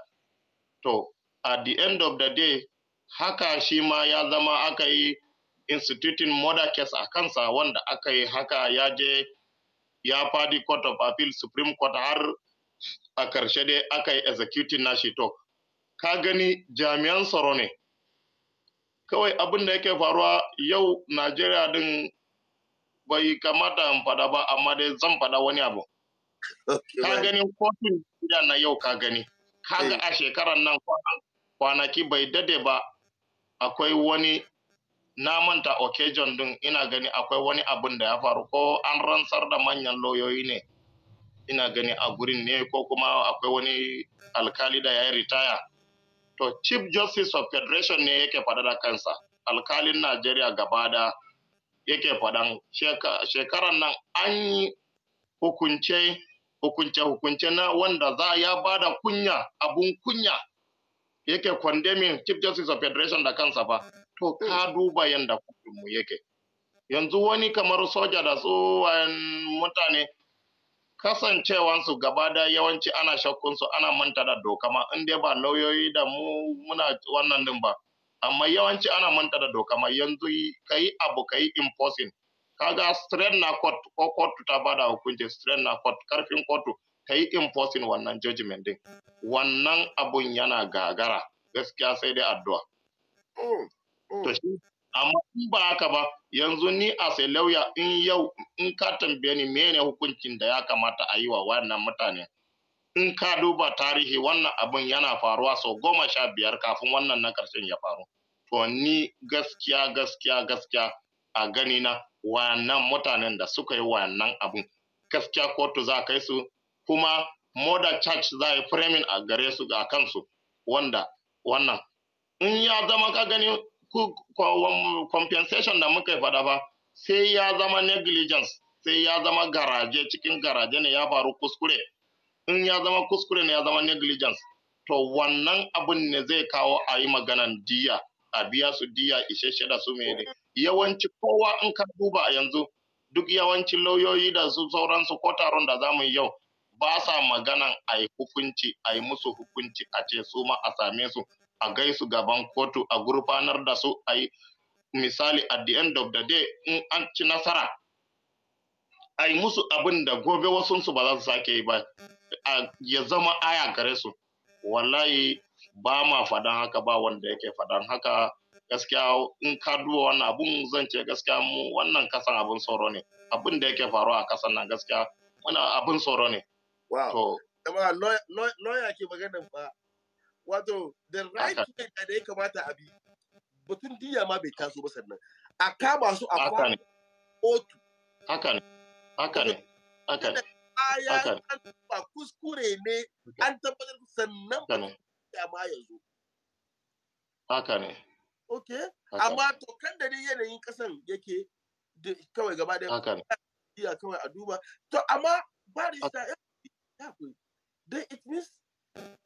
to at the end of the day haka shi ma ya zama aka yi instituting murder case a kansa wanda aka yi haka ya je ya fadi court of appeal supreme court har a karshe dai aka yi executing shi, to ka gani jami'an tsaro ne kawai abin da yake faruwa yau najeriya din bai kamata in fada ba amma dai zan fada wani abu Ka gani kotun duniya na yau ka gani. Kaga eh. a shekarar nan kwanaki bai dade ba akwai wani na manta occasion din ina gani akwai wani abun da ya faru ko an rantsar da manyan lauyoyi ne ina gani a gurin ne ko kuma akwai wani alkali da ya yi ritaya to chief justice of federation ne yake faɗa da kansa alkalin najeriya gaba da yake faɗan shekaran nan an yi hukunce hukunce hukunce na wanda za ya ba da kunya abun kunya yake condemning chief justice of federation da kansa ba, to ka hmm. duba yanda kudin mu yake yanzu wani kamar soja da su mutane kasancewansu gaba da yawanci ana shakkunsu ana manta da doka ma in ba lauyoyi da mu muna wannan din ba amma yawanci ana manta da doka ma yanzu ka yi abu ka yi imposing kaga strain na court ko kotu ta bada hukunci strain na court karfin kotu ta yi enforcing wannan judgment din wannan abun yana gagara gaskiya sai dai addu'a mm, mm. to shi amma in ba haka ba yanzu ni a sai lauya in yau in ka tambaye ni mene hukuncin da ya kamata a yi wa wannan mutane in ka duba tarihi wannan abun yana faruwa sau goma sha biyar kafin wannan na karshen ya faru to ni gaskiya gaskiya gaskiya a gani na wannan mutanen da suka yi wannan abun gaskiya kotu za a kai su kuma moda church za a yi framing a gare su a kansu wanda wannan in ya zama ka gani um, compensation da muka faɗa ba sai ya zama negligence sai ya zama garaje cikin garaje ne ya faru kuskure in ya zama kuskure ne ya zama negligence to wannan abin ne zai kawo a yi maganan diya a biya su diya ishe da su mai yawanci kowa in ka duba a yanzu duk yawancin lauyoyi da su sauransu ko taron da zamu yi yau ba sa maganan a yi hukunci a yi musu hukunci a ce su ma a same su a gaisu gaban kotu a gurfanar da su a yi misali at the end of the day in an ci nasara a yi musu abin da gobe wasunsu ba za su sake yi ba ya zama aya gare su wallahi ba ma fadan haka ba wanda yake fadan haka gaskiya in ka duba wannan abun zan ce gaskiya mu wannan kasan abun tsoro ne abun da yake faruwa a kasan nan gaskiya muna abun tsoro ne to kuma lawyer ke magana ba wato the right way da ya kamata a bi batun diya ma bai taso ba sannan a kama su a kwana haka ne haka ne haka ne baya ba kuskure ne an tabbatar sannan ba ma yanzu haka ne ok amma to kan da dai yanayin kasan yake kawai gaba da iya kawai a duba to amma ba da eh, ya koyi don it means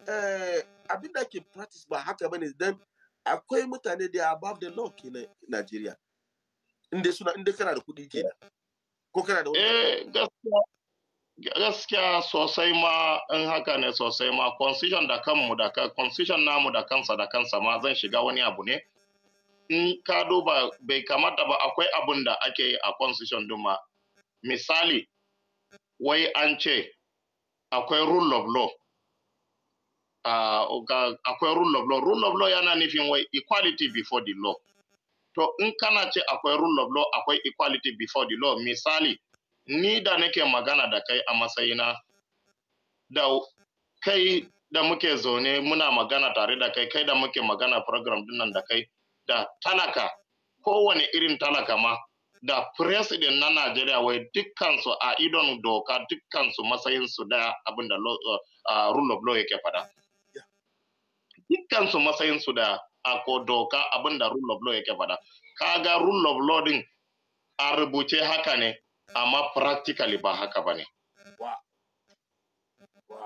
eh, abin da ke practice ba haka bane dan akwai mutane da above the law ke Nigeria Najeriya inda suna inda kana da kuɗi kenan ko kana da wani eh, gaskiya gaskiya sosai ma in haka ne sosai ma constitution da kanmu da constitution namu da kansa da kansa ma zan shiga wani abu ne in ka duba bai kamata ba akwai abun da ake yi a constitution din ma misali wai an ce akwai rule of law ah, akwai rule of law rule of law yana nufin wai equality before the law to in kana ce akwai rule of law akwai equality before the law misali ni da nake magana da kai a matsayina da kai da muke zaune muna magana tare da kai kai da muke magana program din nan da kai da talaka kowane irin talaka ma da president na Najeriya wai dukkansu a idon doka dukkansu matsayinsu da abin da uh, uh, rule of law yake fada. Dukkansu matsayinsu da ako doka abin da rule of law yake fada. Kaga rule of law din a rubuce haka ne amma practically ba haka ba ne.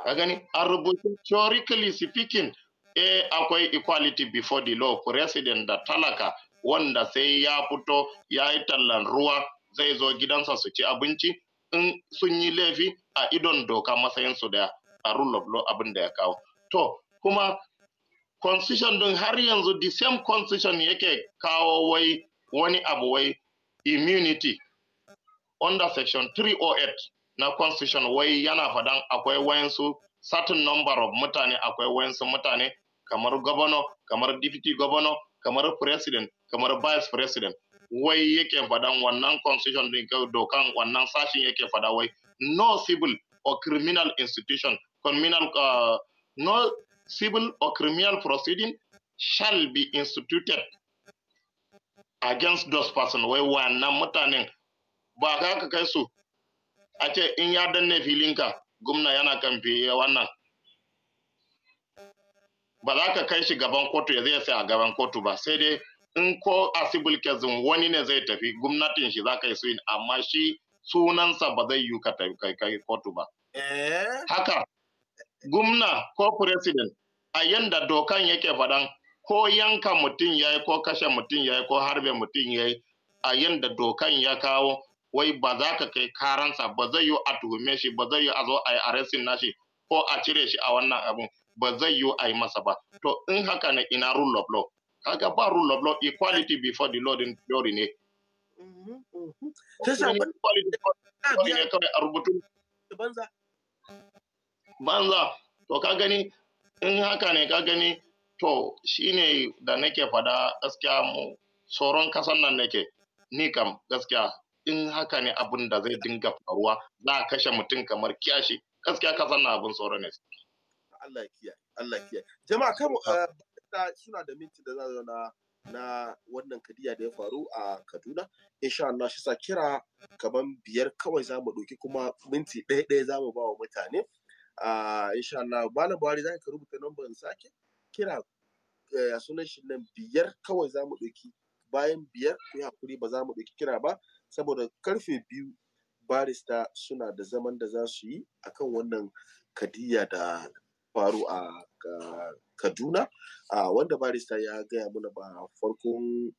Ka gani? A rubuce theoretically speaking eh akwai equality before the law president da talaka wanda sai ya fito ya yi tallan ruwa zai zo gidansa su ci abinci in sun yi laifi a idon doka matsayinsu da a rule of law abin da ya kawo to kuma constitution din har yanzu the same constitution yake kawo wai wani abu wai immunity under section 308 na constitution wai yana fadan akwai wayansu certain number of mutane akwai wayansu mutane kamar governor kamar deputy governor kamar president kamar vice president wai yake faɗan wannan constitution din dokan wannan sashin yake faɗa wai no civil or criminal institution criminal uh, no civil or criminal proceeding shall be instituted against those person wai wannan mutanen ba ka kai su a ce in ya danne filinka gwamna yana kan fiye wannan ba za ka kai shi gaban kotu ya zai sai a gaban kotu ba sai dai in ko a civil wani ne zai tafi gwamnatin shi za ka yi yin amma shi sunansa ba zai yi ka kai kotu ba. Eh? Haka gwamna ko president a yanda dokan yake faɗan ko yanka mutum ya yi ko kashe mutum ya yi ko harbe mutum ya yi a yanda dokan ya kawo wai ba za ka kai karansa ba zai yi a tuhume shi ba zai yi a zo a yi arrestin nashi ko a cire shi a wannan abin ba zai yi a yi masa ba to in haka na ina rule of law kaga ba rule of law equality before the law in glory ne banza to ka gani in haka ne ka gani to shine da nake fada gaskiya mu tsoron kasan nan nake ni kam gaskiya in haka ne abin da zai dinga faruwa za a kashe mutum kamar kiyashi gaskiya kasan na abin tsoro ne Allah ya kiyaye Allah ya mm. kiyaye jama'a kan da eh, suna da minti da za na na wannan kadiya da ya faru a Kaduna insha Allah shi sa kira kaman biyar kawai za mu ɗauki kuma minti ɗaya ɗaya za mu ba wa mutane insha Allah malam Buhari za ka rubuta nambar sake kira ya eh, sunan shi nan biyar kawai za mu ɗauki bayan biyar ku yi hakuri ba za mu ɗauki kira ba saboda karfe biyu barista suna da zaman da za su yi akan wannan kadiya da faru a kaduna wanda barista ya gaya mana ba farkon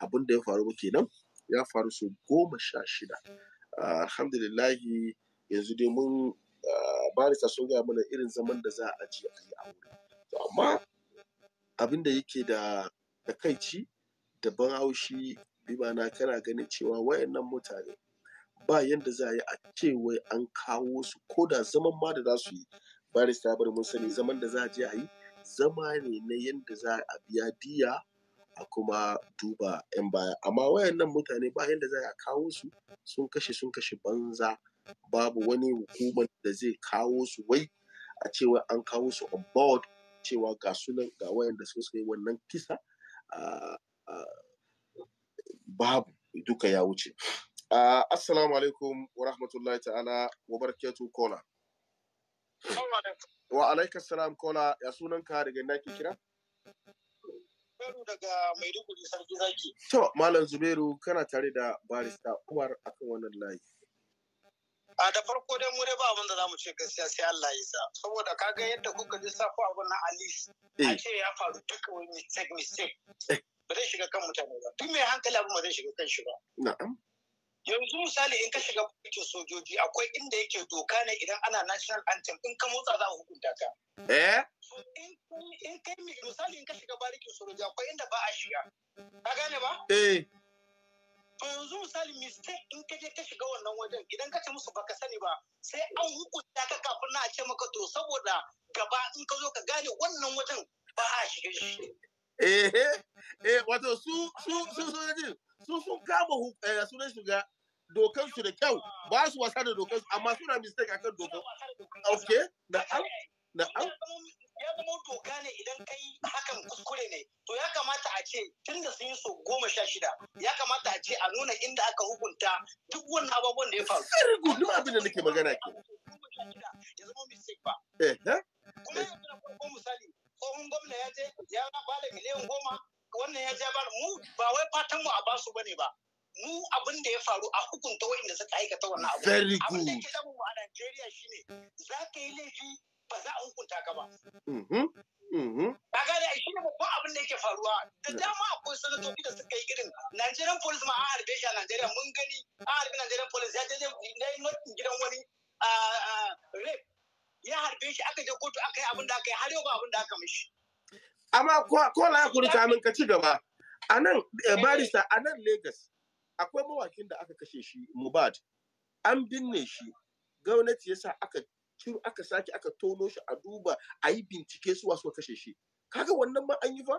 abin da ya faru ba kenan ya faru su goma sha shida alhamdulillahi yanzu dai mun barista sun gaya mana irin zaman da za a ji a yi a amma abin da yake da takaici da ban haushi bi kana ganin cewa wayannan mutane ba yadda za a yi a ce wai an kawo su ko da zaman ma da za su yi ta bar mun sani zaman da za a je a yi zama ne na yadda za a biya diya a kuma duba 'yan baya amma wayannan mutane ba yadda za a kawo su sun kashe sun kashe banza babu wani hukumar da zai kawo su wai a cewa an kawo su on board cewa ga sunan ga wayanda suka yi wannan kisa ah, ah, babu duka ya wuce Uh, assalamu alaikum wa rahmatullahi ta'ala wa barakatuh kola. Wa alaika salam kola ya sunan ka daga ina ke kira? Zubairu daga Maiduguri sarki zaki. To Malam Zubairu kana tare da barista Umar akan wannan layi. A da farko dai mu dai ba abin da mu ce gaskiya sai Allah ya sa. Saboda ka ga yadda kuka ji safu abin na Ali eh. a ce ya faru duka wani mistake mistake. Eh. Ba zai shiga kan mutane ba. Duk mai hankali abin ba zai shiga kan shi ba. Na'am. yanzu misali in ka shiga bankin sojoji akwai inda yake doka ne idan ana national anthem in ka motsa za a hukunta ka. Eh? In kai misali in ka shiga barikin sojoji akwai inda ba a shiga. Ka gane ba? Eh. To yanzu misali mistake in ka je ka shiga wannan wajen idan ka ce musu ba ka sani ba sai an hukunta ka kafin na ce maka to saboda gaba in ka zo ka gane wannan wajen ba a shiga shi. Eh, eh eh wato su su su sojojin su sun kama eh, sunan shiga dokan su da kyau ba su wasa da dokan su amma suna mistake akan dokan okay na'am na'am ya zama doka ne idan kai hakan kuskure ne to ya kamata a ce tun da sun yi so goma sha shida ya kamata a ce a nuna inda aka hukunta duk wannan ababen da ya faru. Sai gudu abin da nake magana ke. Ya zama mistake ba. Eh, eh. Kuma yanzu na farko misali tsohon gwamna ya je ya ba da miliyan goma wannan ya je ba mu ba wai fatan mu a basu bane ba mu abin da ya faru a hukunta wanda suka aikata wannan abu abin da ke damu a Najeriya shine za ka yi laifi ba za a hukunta ka ba mm-hmm. mm-hmm. kaga da shi ne babban abin da yake faruwa da dama akwai sanatoci da suka yi irin Nigerian police ma an harbe shi a Najeriya mun gani an harbe Nigerian police ya je gidan wani ah, ah, rape ya harbe shi aka je kotu aka yi abin da aka yi har yau ba abin da aka mishi. Amma ko na kuri kamin ka ci gaba. A nan eh, eh. barista a nan Legas akwai mawakin da aka kashe shi Mubad an binne shi gwamnati yasa aka ciro aka sake aka tono shi a duba a yi bincike su wasu kashe shi kaga wannan ma an yi fa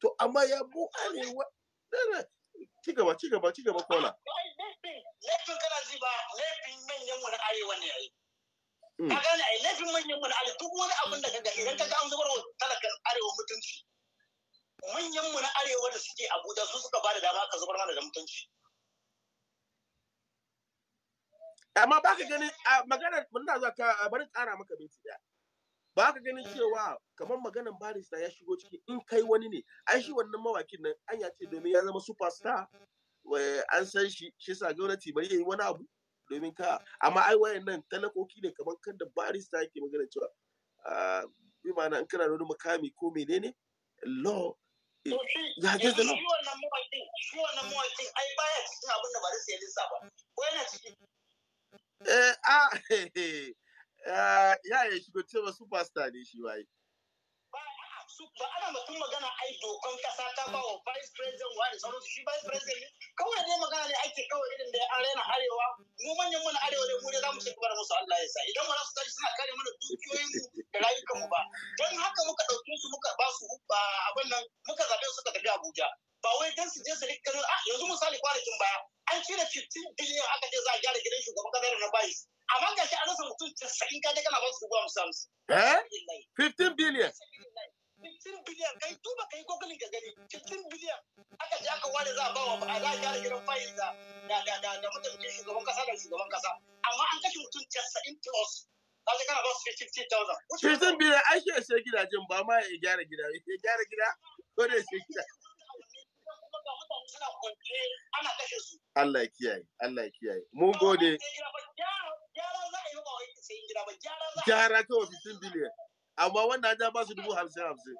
to amma ya bu arewa dara ci gaba ci gaba ci gaba kola laifin kana ziba laifin manyan wani arewa ne yi. Mm. ka gane ai laifin manyan mu na arewa duk wani abin da kaga idan ka kaga an zubar wa talakan arewa mutunci manyan mu na arewa da suke abuja su suka ba da dama ka zubar mana da mutunci amma ba ka ganin maganar muna za ka bari tsara maka minti daya ba ka ganin cewa kamar maganar barista ya shigo ciki in kai wani ne ai shi wannan mawakin nan an ya ce domin ya zama superstar an san shi shi sa gwamnati bari yayi wani abu domin ka amma ai nan talakoki ne kamar kan da barista yake magana cewa ah, bi ma'ana in kana da wani mukami ko menene law eh, ya je da eh, law shi wannan mawakin shi wannan mawakin ai baya cikin abin da barista ya lissa ba ko yana cikin eh a ah, [LAUGHS] eh, ah, ya ya shigo cewa su pasta ne shi waye ba ana mutum magana ai dokon kasa ta ba wa vice president wa da sauransu shi vice president ne kawai ne magana ne ake kawai irin da an raina arewa mu manyan mana arewa ne mu ne za mu ci gaba musu Allah ya sa idan ba za su tashi suna kare mana dukiyoyin mu da rayukan mu ba don haka muka dauke su muka ba su ba abin nan muka zabe su suka tafi Abuja ba wai dan su je su rika a yanzu misali kwanakin baya an cire 15 billion aka ce za a gyara gidan shugaban kasar na bayi amma gashi an rasa mutum 90 kaje kana ba su dubu hamsin hamsin. Eh? 15 billion. 15 biliyan kai duba kai gogalin ka gani 15 biliyan aka je aka ware za a ba wa ba za a gyara gidan fayil da da da da mataimakin shugaban kasa da shugaban kasa amma an kashe mutum 90 plus kaje kana ba su 15000 15 biliyan ai shi gidajen ba ma ya gyara gida ya gyara gida ko da shi gida Allah ya kiyaye Allah ya kiyaye mun gode gyara wa 15 biliyan amma wannan ja ba su dubu hamsin hamsin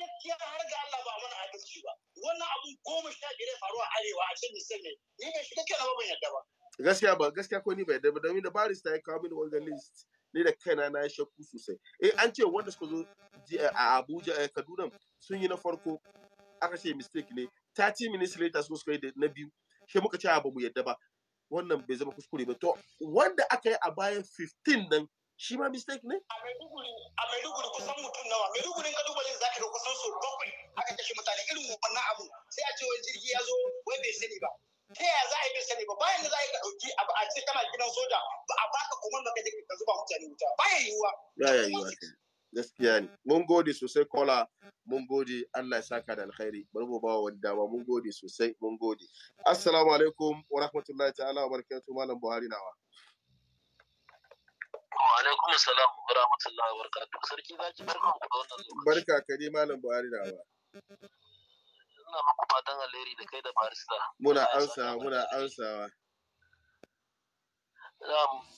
gaskiya har ga Allah ba mana adalci ba wannan abu goma sha biyar ya faru a arewa a cikin nisan ne ni mai shiga kenan ba yadda ba gaskiya ba gaskiya ko ni bai yadda ba domin da barista ya kawo mini wannan list ni da kaina na shakku sosai eh an ce wanda suka zo eh, a Abuja eh, Kaduna sun yi na farko aka ce mistake ne 30 minutes later su suka yi da na biyu shi muka ce ba mu yadda ba wannan bai zama kuskure ba to wanda aka yi a bayan 15 nan shi ma mistake ne? A Maiduguri, a Maiduguri kusan mutum nawa, Maiduguri ka duba yin zaka da kusan so bakwai aka kashe mutane irin wannan abu sai a ce wani jirgi ya zo wai bai sani ba. Ta yaya za a yi bai sani ba bayan da za a yi ka ɗauki a ce kana gidan soja ba a baka komanda ka je ka zuba mutane wuta baya yiwuwa. Baya yiwuwa gaskiya ne mun gode sosai kola mun gode Allah ya saka da alkhairi bari mu bawa wani dama mun gode sosai mun gode assalamu alaikum wa rahmatullahi ta'ala wa barakatuh malam buhari nawa alaikum salam wa rahmatullahi wa barakatuh sarki zaki barkan ku da wannan lokaci barka kare malam buhari da ba ina muku fatan alheri da kai da barista muna ansawa muna ansawa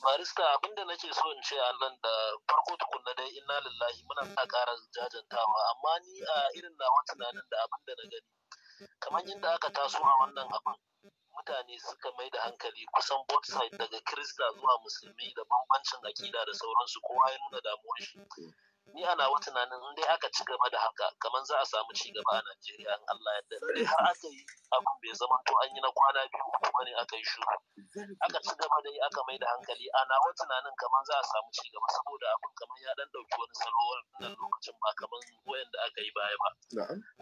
barista abinda nake so in ce nan da farko tukunna dai inna lillahi muna sa ƙara jajantawa amma ni a irin nawa tunanin da abinda na gani kamar inda aka taso a wannan abin mutane suka mai da hankali kusan both side daga krista zuwa musulmi da bambancin akida da sauransu kowa ya nuna damuwar shi ni ana wa tunanin in dai aka ci gaba da haka kamar za a samu ci gaba a Najeriya in Allah ya yarda dai har aka yi abin bai zama to an yi na kwana biyu ko ne aka yi shuru aka ci gaba da yi aka mai da hankali ana wa tunanin kamar za a samu ci gaba saboda abin kamar ya dan dauki wani salo wannan lokacin ba kamar da aka yi baya ba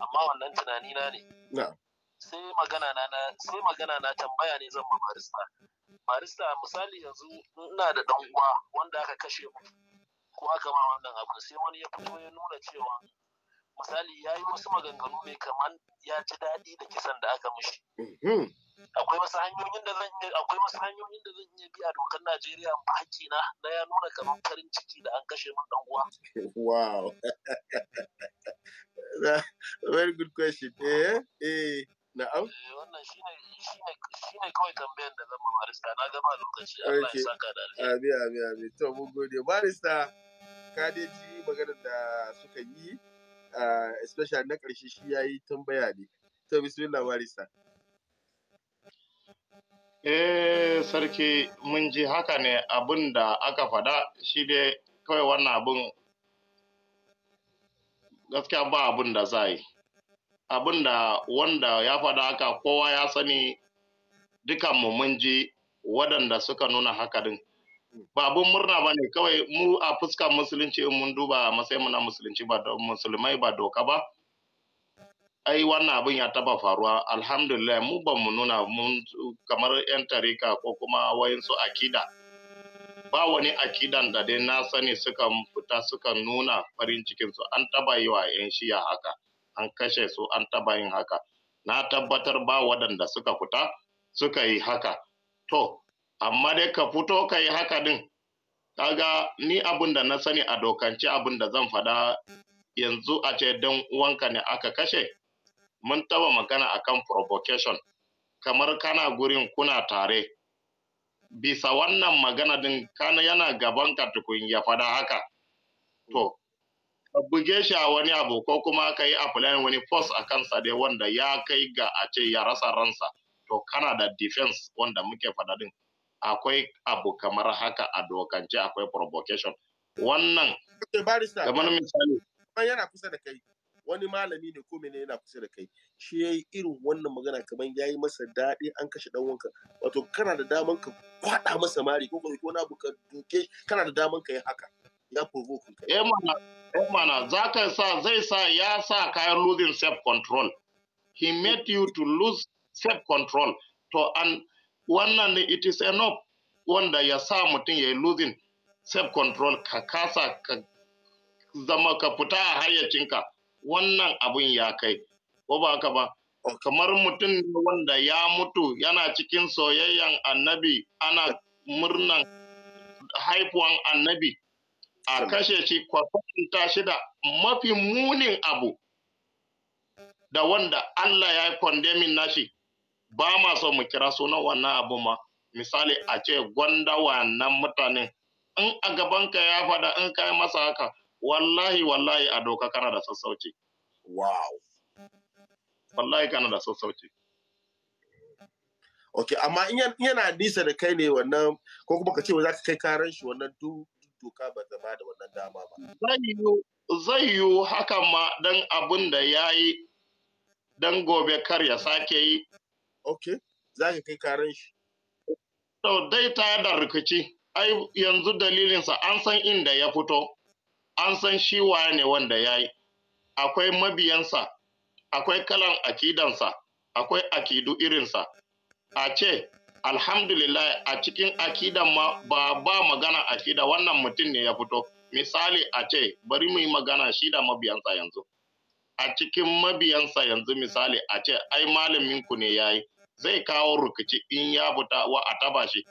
amma wannan tunani na ne sai magana na sai magana na tambaya ne zan ma barista barista misali yanzu ina da dan uwa wanda aka kashe mu ko aka ma wannan abu sai wani ya fito ya nuna cewa misali ya yi wasu maganganu mai kaman ya ji daɗi da kisan da aka mishi mm-hmm. akwai wasu hanyoyin da zan akwai wasu hanyoyin da zan iya bi a dokar Najeriya ba haƙi na na ya nuna kamar farin ciki da an kashe min dan uwa [LAUGHS] wow [LAUGHS] very good question eh eh Na'am. Eh, wannan shine kawai tambayar da zan barista na gama lokaci Allah ya saka da alheri. Abi abi abi to mun gode barista ka dai ji maganar da suka yi especially na ƙarshe shi yayi tambaya ne. To bismillah barista. Eh sarki mun ji haka ne abin da aka faɗa shi dai kawai wannan abin gaskiya ba abin da za yi. abin da wanda ya faɗa haka kowa ya sani dukan mu mun ji waɗanda suka nuna haka din babun murna ba ne kawai mu a fuskan musulunci in mun duba matsayin mu musulunci ba musulmai ba doka ba ai wannan abin ya taba faruwa alhamdulillah mu ba mu nuna mun kamar yan tarika ko kuma su akida ba wani akidan da dai na sani suka fita suka nuna farin cikin su, an taba yi wa yan shiya haka an kashe su an taba yin haka na tabbatar ba waɗanda suka fita suka yi haka to amma dai ka fito ka yi haka din kaga ni abin da na sani a dokance abin da zan faɗa yanzu a ce don uwanka ne aka kashe mun taba magana akan provocation kamar kana gurin kuna tare bisa wannan magana din kana yana gaban ka tukun ya faɗa haka to buge shi a wani abu ko kuma ka yi applying wani force a kansa dai wanda ya kai ga a ce ya rasa ransa to kana da defense wanda muke faɗaɗin akwai abu kamar haka a dokance akwai provocation wannan kamar misali yana kusa da kai wani malami ne ko ne yana kusa da kai shi yayi irin wannan magana kamar yayi masa daɗi an kashe dan wanka wato kana da daman ka kwada masa mari ko kuma wani abu ka duke kana da daman ka yi haka ya provoke ka eh, eh, zaka sa zai sa ya sa kayan losing self control he made you to lose self control to an wannan it is enough wanda ya sa mutum ya yi losing self control ka kasa ka zama ka fita a hayyacinka wannan abun ya kai ko ba haka ba kamar mutum ne wanda ya mutu yana cikin soyayyan annabi ana murnan haifuwan annabi a kashe shi kwatanta shi da mafi munin abu da wanda Allah ya yi kondemin nashi ba ma son mu kira sunan wannan abu ma misali a ce gwanda wannan mutanen in a gabanka ya fada in kai masa haka wallahi wallahi a doka kana da sassauci wow wallahi kana da sassauci ok amma yana nisa da kai ne wannan ko kuma ka ce za ka kai karan shi wannan du doka ba ta ba da wannan dama ba. Zai yiwu hakan ma don abin da ya yi don gobe kar ya sake yi. Ok, za ka kai karen shi. To dai ta da rikici, ai yanzu dalilinsa an san inda ya fito, an san shi waye ne wanda ya yi. Akwai mabiyansa, akwai kalan akidansa, akwai akidu irinsa. A ce, alhamdulillah a cikin akidan ma ba ba magana akida wannan mutum ne ya fito misali a ce bari mu yi magana shi da mabiyansa yanzu a cikin mabiyansa yanzu misali a ce ai malamin ku ne yayi zai kawo rikici in ya fita wa a taba shi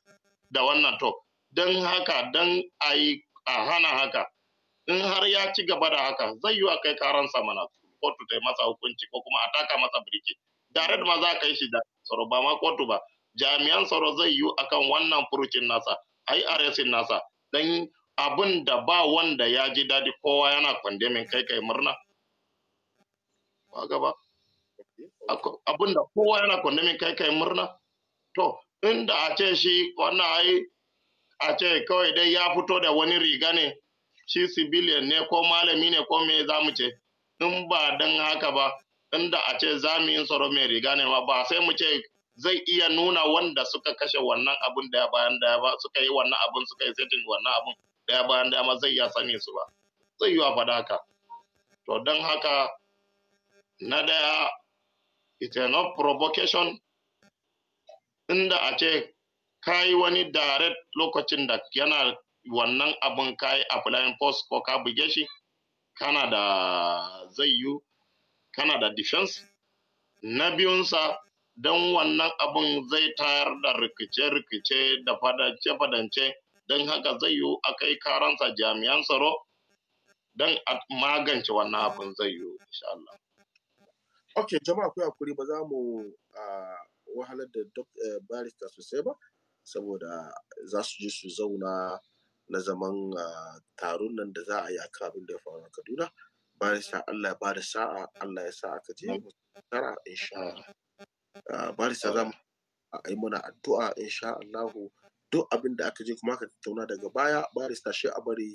da wannan to don haka don a yi a hana haka in har ya ci gaba da haka zai yi wa kai karansa mana kotu ta yi masa hukunci ko kuma a taka masa birki da ma za ka yi shi da tsaro ba ma kotu ba jami'an tsaro zai yi akan wannan furucin nasa irs nasa dan abin da ba wanda ya ji daɗi kowa yana kwandemin kai kai murna ba gaba abin da kowa yana kwandemin kai kai murna to inda a ce shi wannan ai a ce kawai dai ya fito da wani riga ne shi civilian ne ko malami ne ko me za mu ce in ba don haka ba inda a ce za mu yi tsaro mai riga ne ba sai mu ce zai iya nuna wanda suka kashe wannan abun da ya bayan da ya ba suka yi wannan abun suka yi setting wannan abun da ya bayan da ya ma zai iya sani su ba zai yi wa faɗa haka to don haka na daya is not provocation inda a ce ka yi wani direct lokacin da yana wannan abun ka yi applying post ko ka buge shi kana da zai yi kana da defense na biyunsa don wannan abun zai tayar da rikice-rikice da fadance-fadance don haka zai yiwu a kai karansa jami'an tsaro don a magance wannan abin zai yiwu insha Allah. Ok, jama'a ku hakuri ba za mu wahalar da duk eh, barista sosai ba saboda za su ji su zauna na zaman taron nan da za a yi a da ya faru a Kaduna. Barista Allah ya ba sa'a, Allah ya sa aka je mu mm. tara insha Allah. barista za mu yi muna addu'a sha Allahu duk abin da aka je kuma aka tattauna daga baya barista shi a bari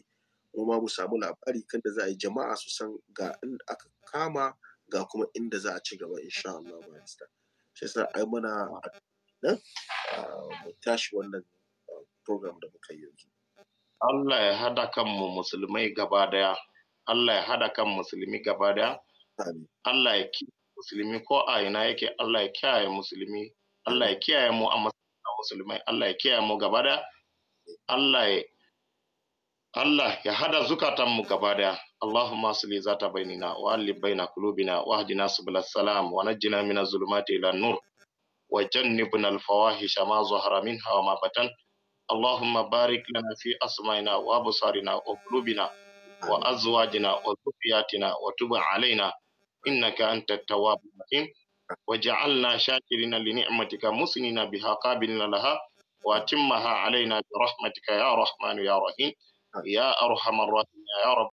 mu ma mu samu labari kan da za a yi jama'a su san ga inda aka kama ga kuma inda za a ci gaba insha Allah barista shi yasa ai muna addu'a mu tashi wannan program da muka yi yanzu Allah ya hada mu musulmai gaba daya Allah ya hada kan musulmi gaba daya Allah ya kiyaye. musulmi ko a ina yake Allah ya kiyaye musulmi Allah ya kiyaye mu a musulmai Allah ya kiyaye mu gaba da Allah ya Allah ya hada zukatan mu gaba da Allahumma asli zata bainina wa alli baina qulubina wa hdina subula salam wa najjina min zulumati ila nur wa jannibna al hawa ma zahara minha wa ma batan wa بارك لنا في wa وأبصارنا وقلوبنا wa tuba وتب na. innaka antat tawwabur rahim waj'alna shakirin li ni'matika musnina biha qabilna laha wa timmaha alaina bi rahmatika ya rahmanu ya rahim ya arhamar rahim ya rab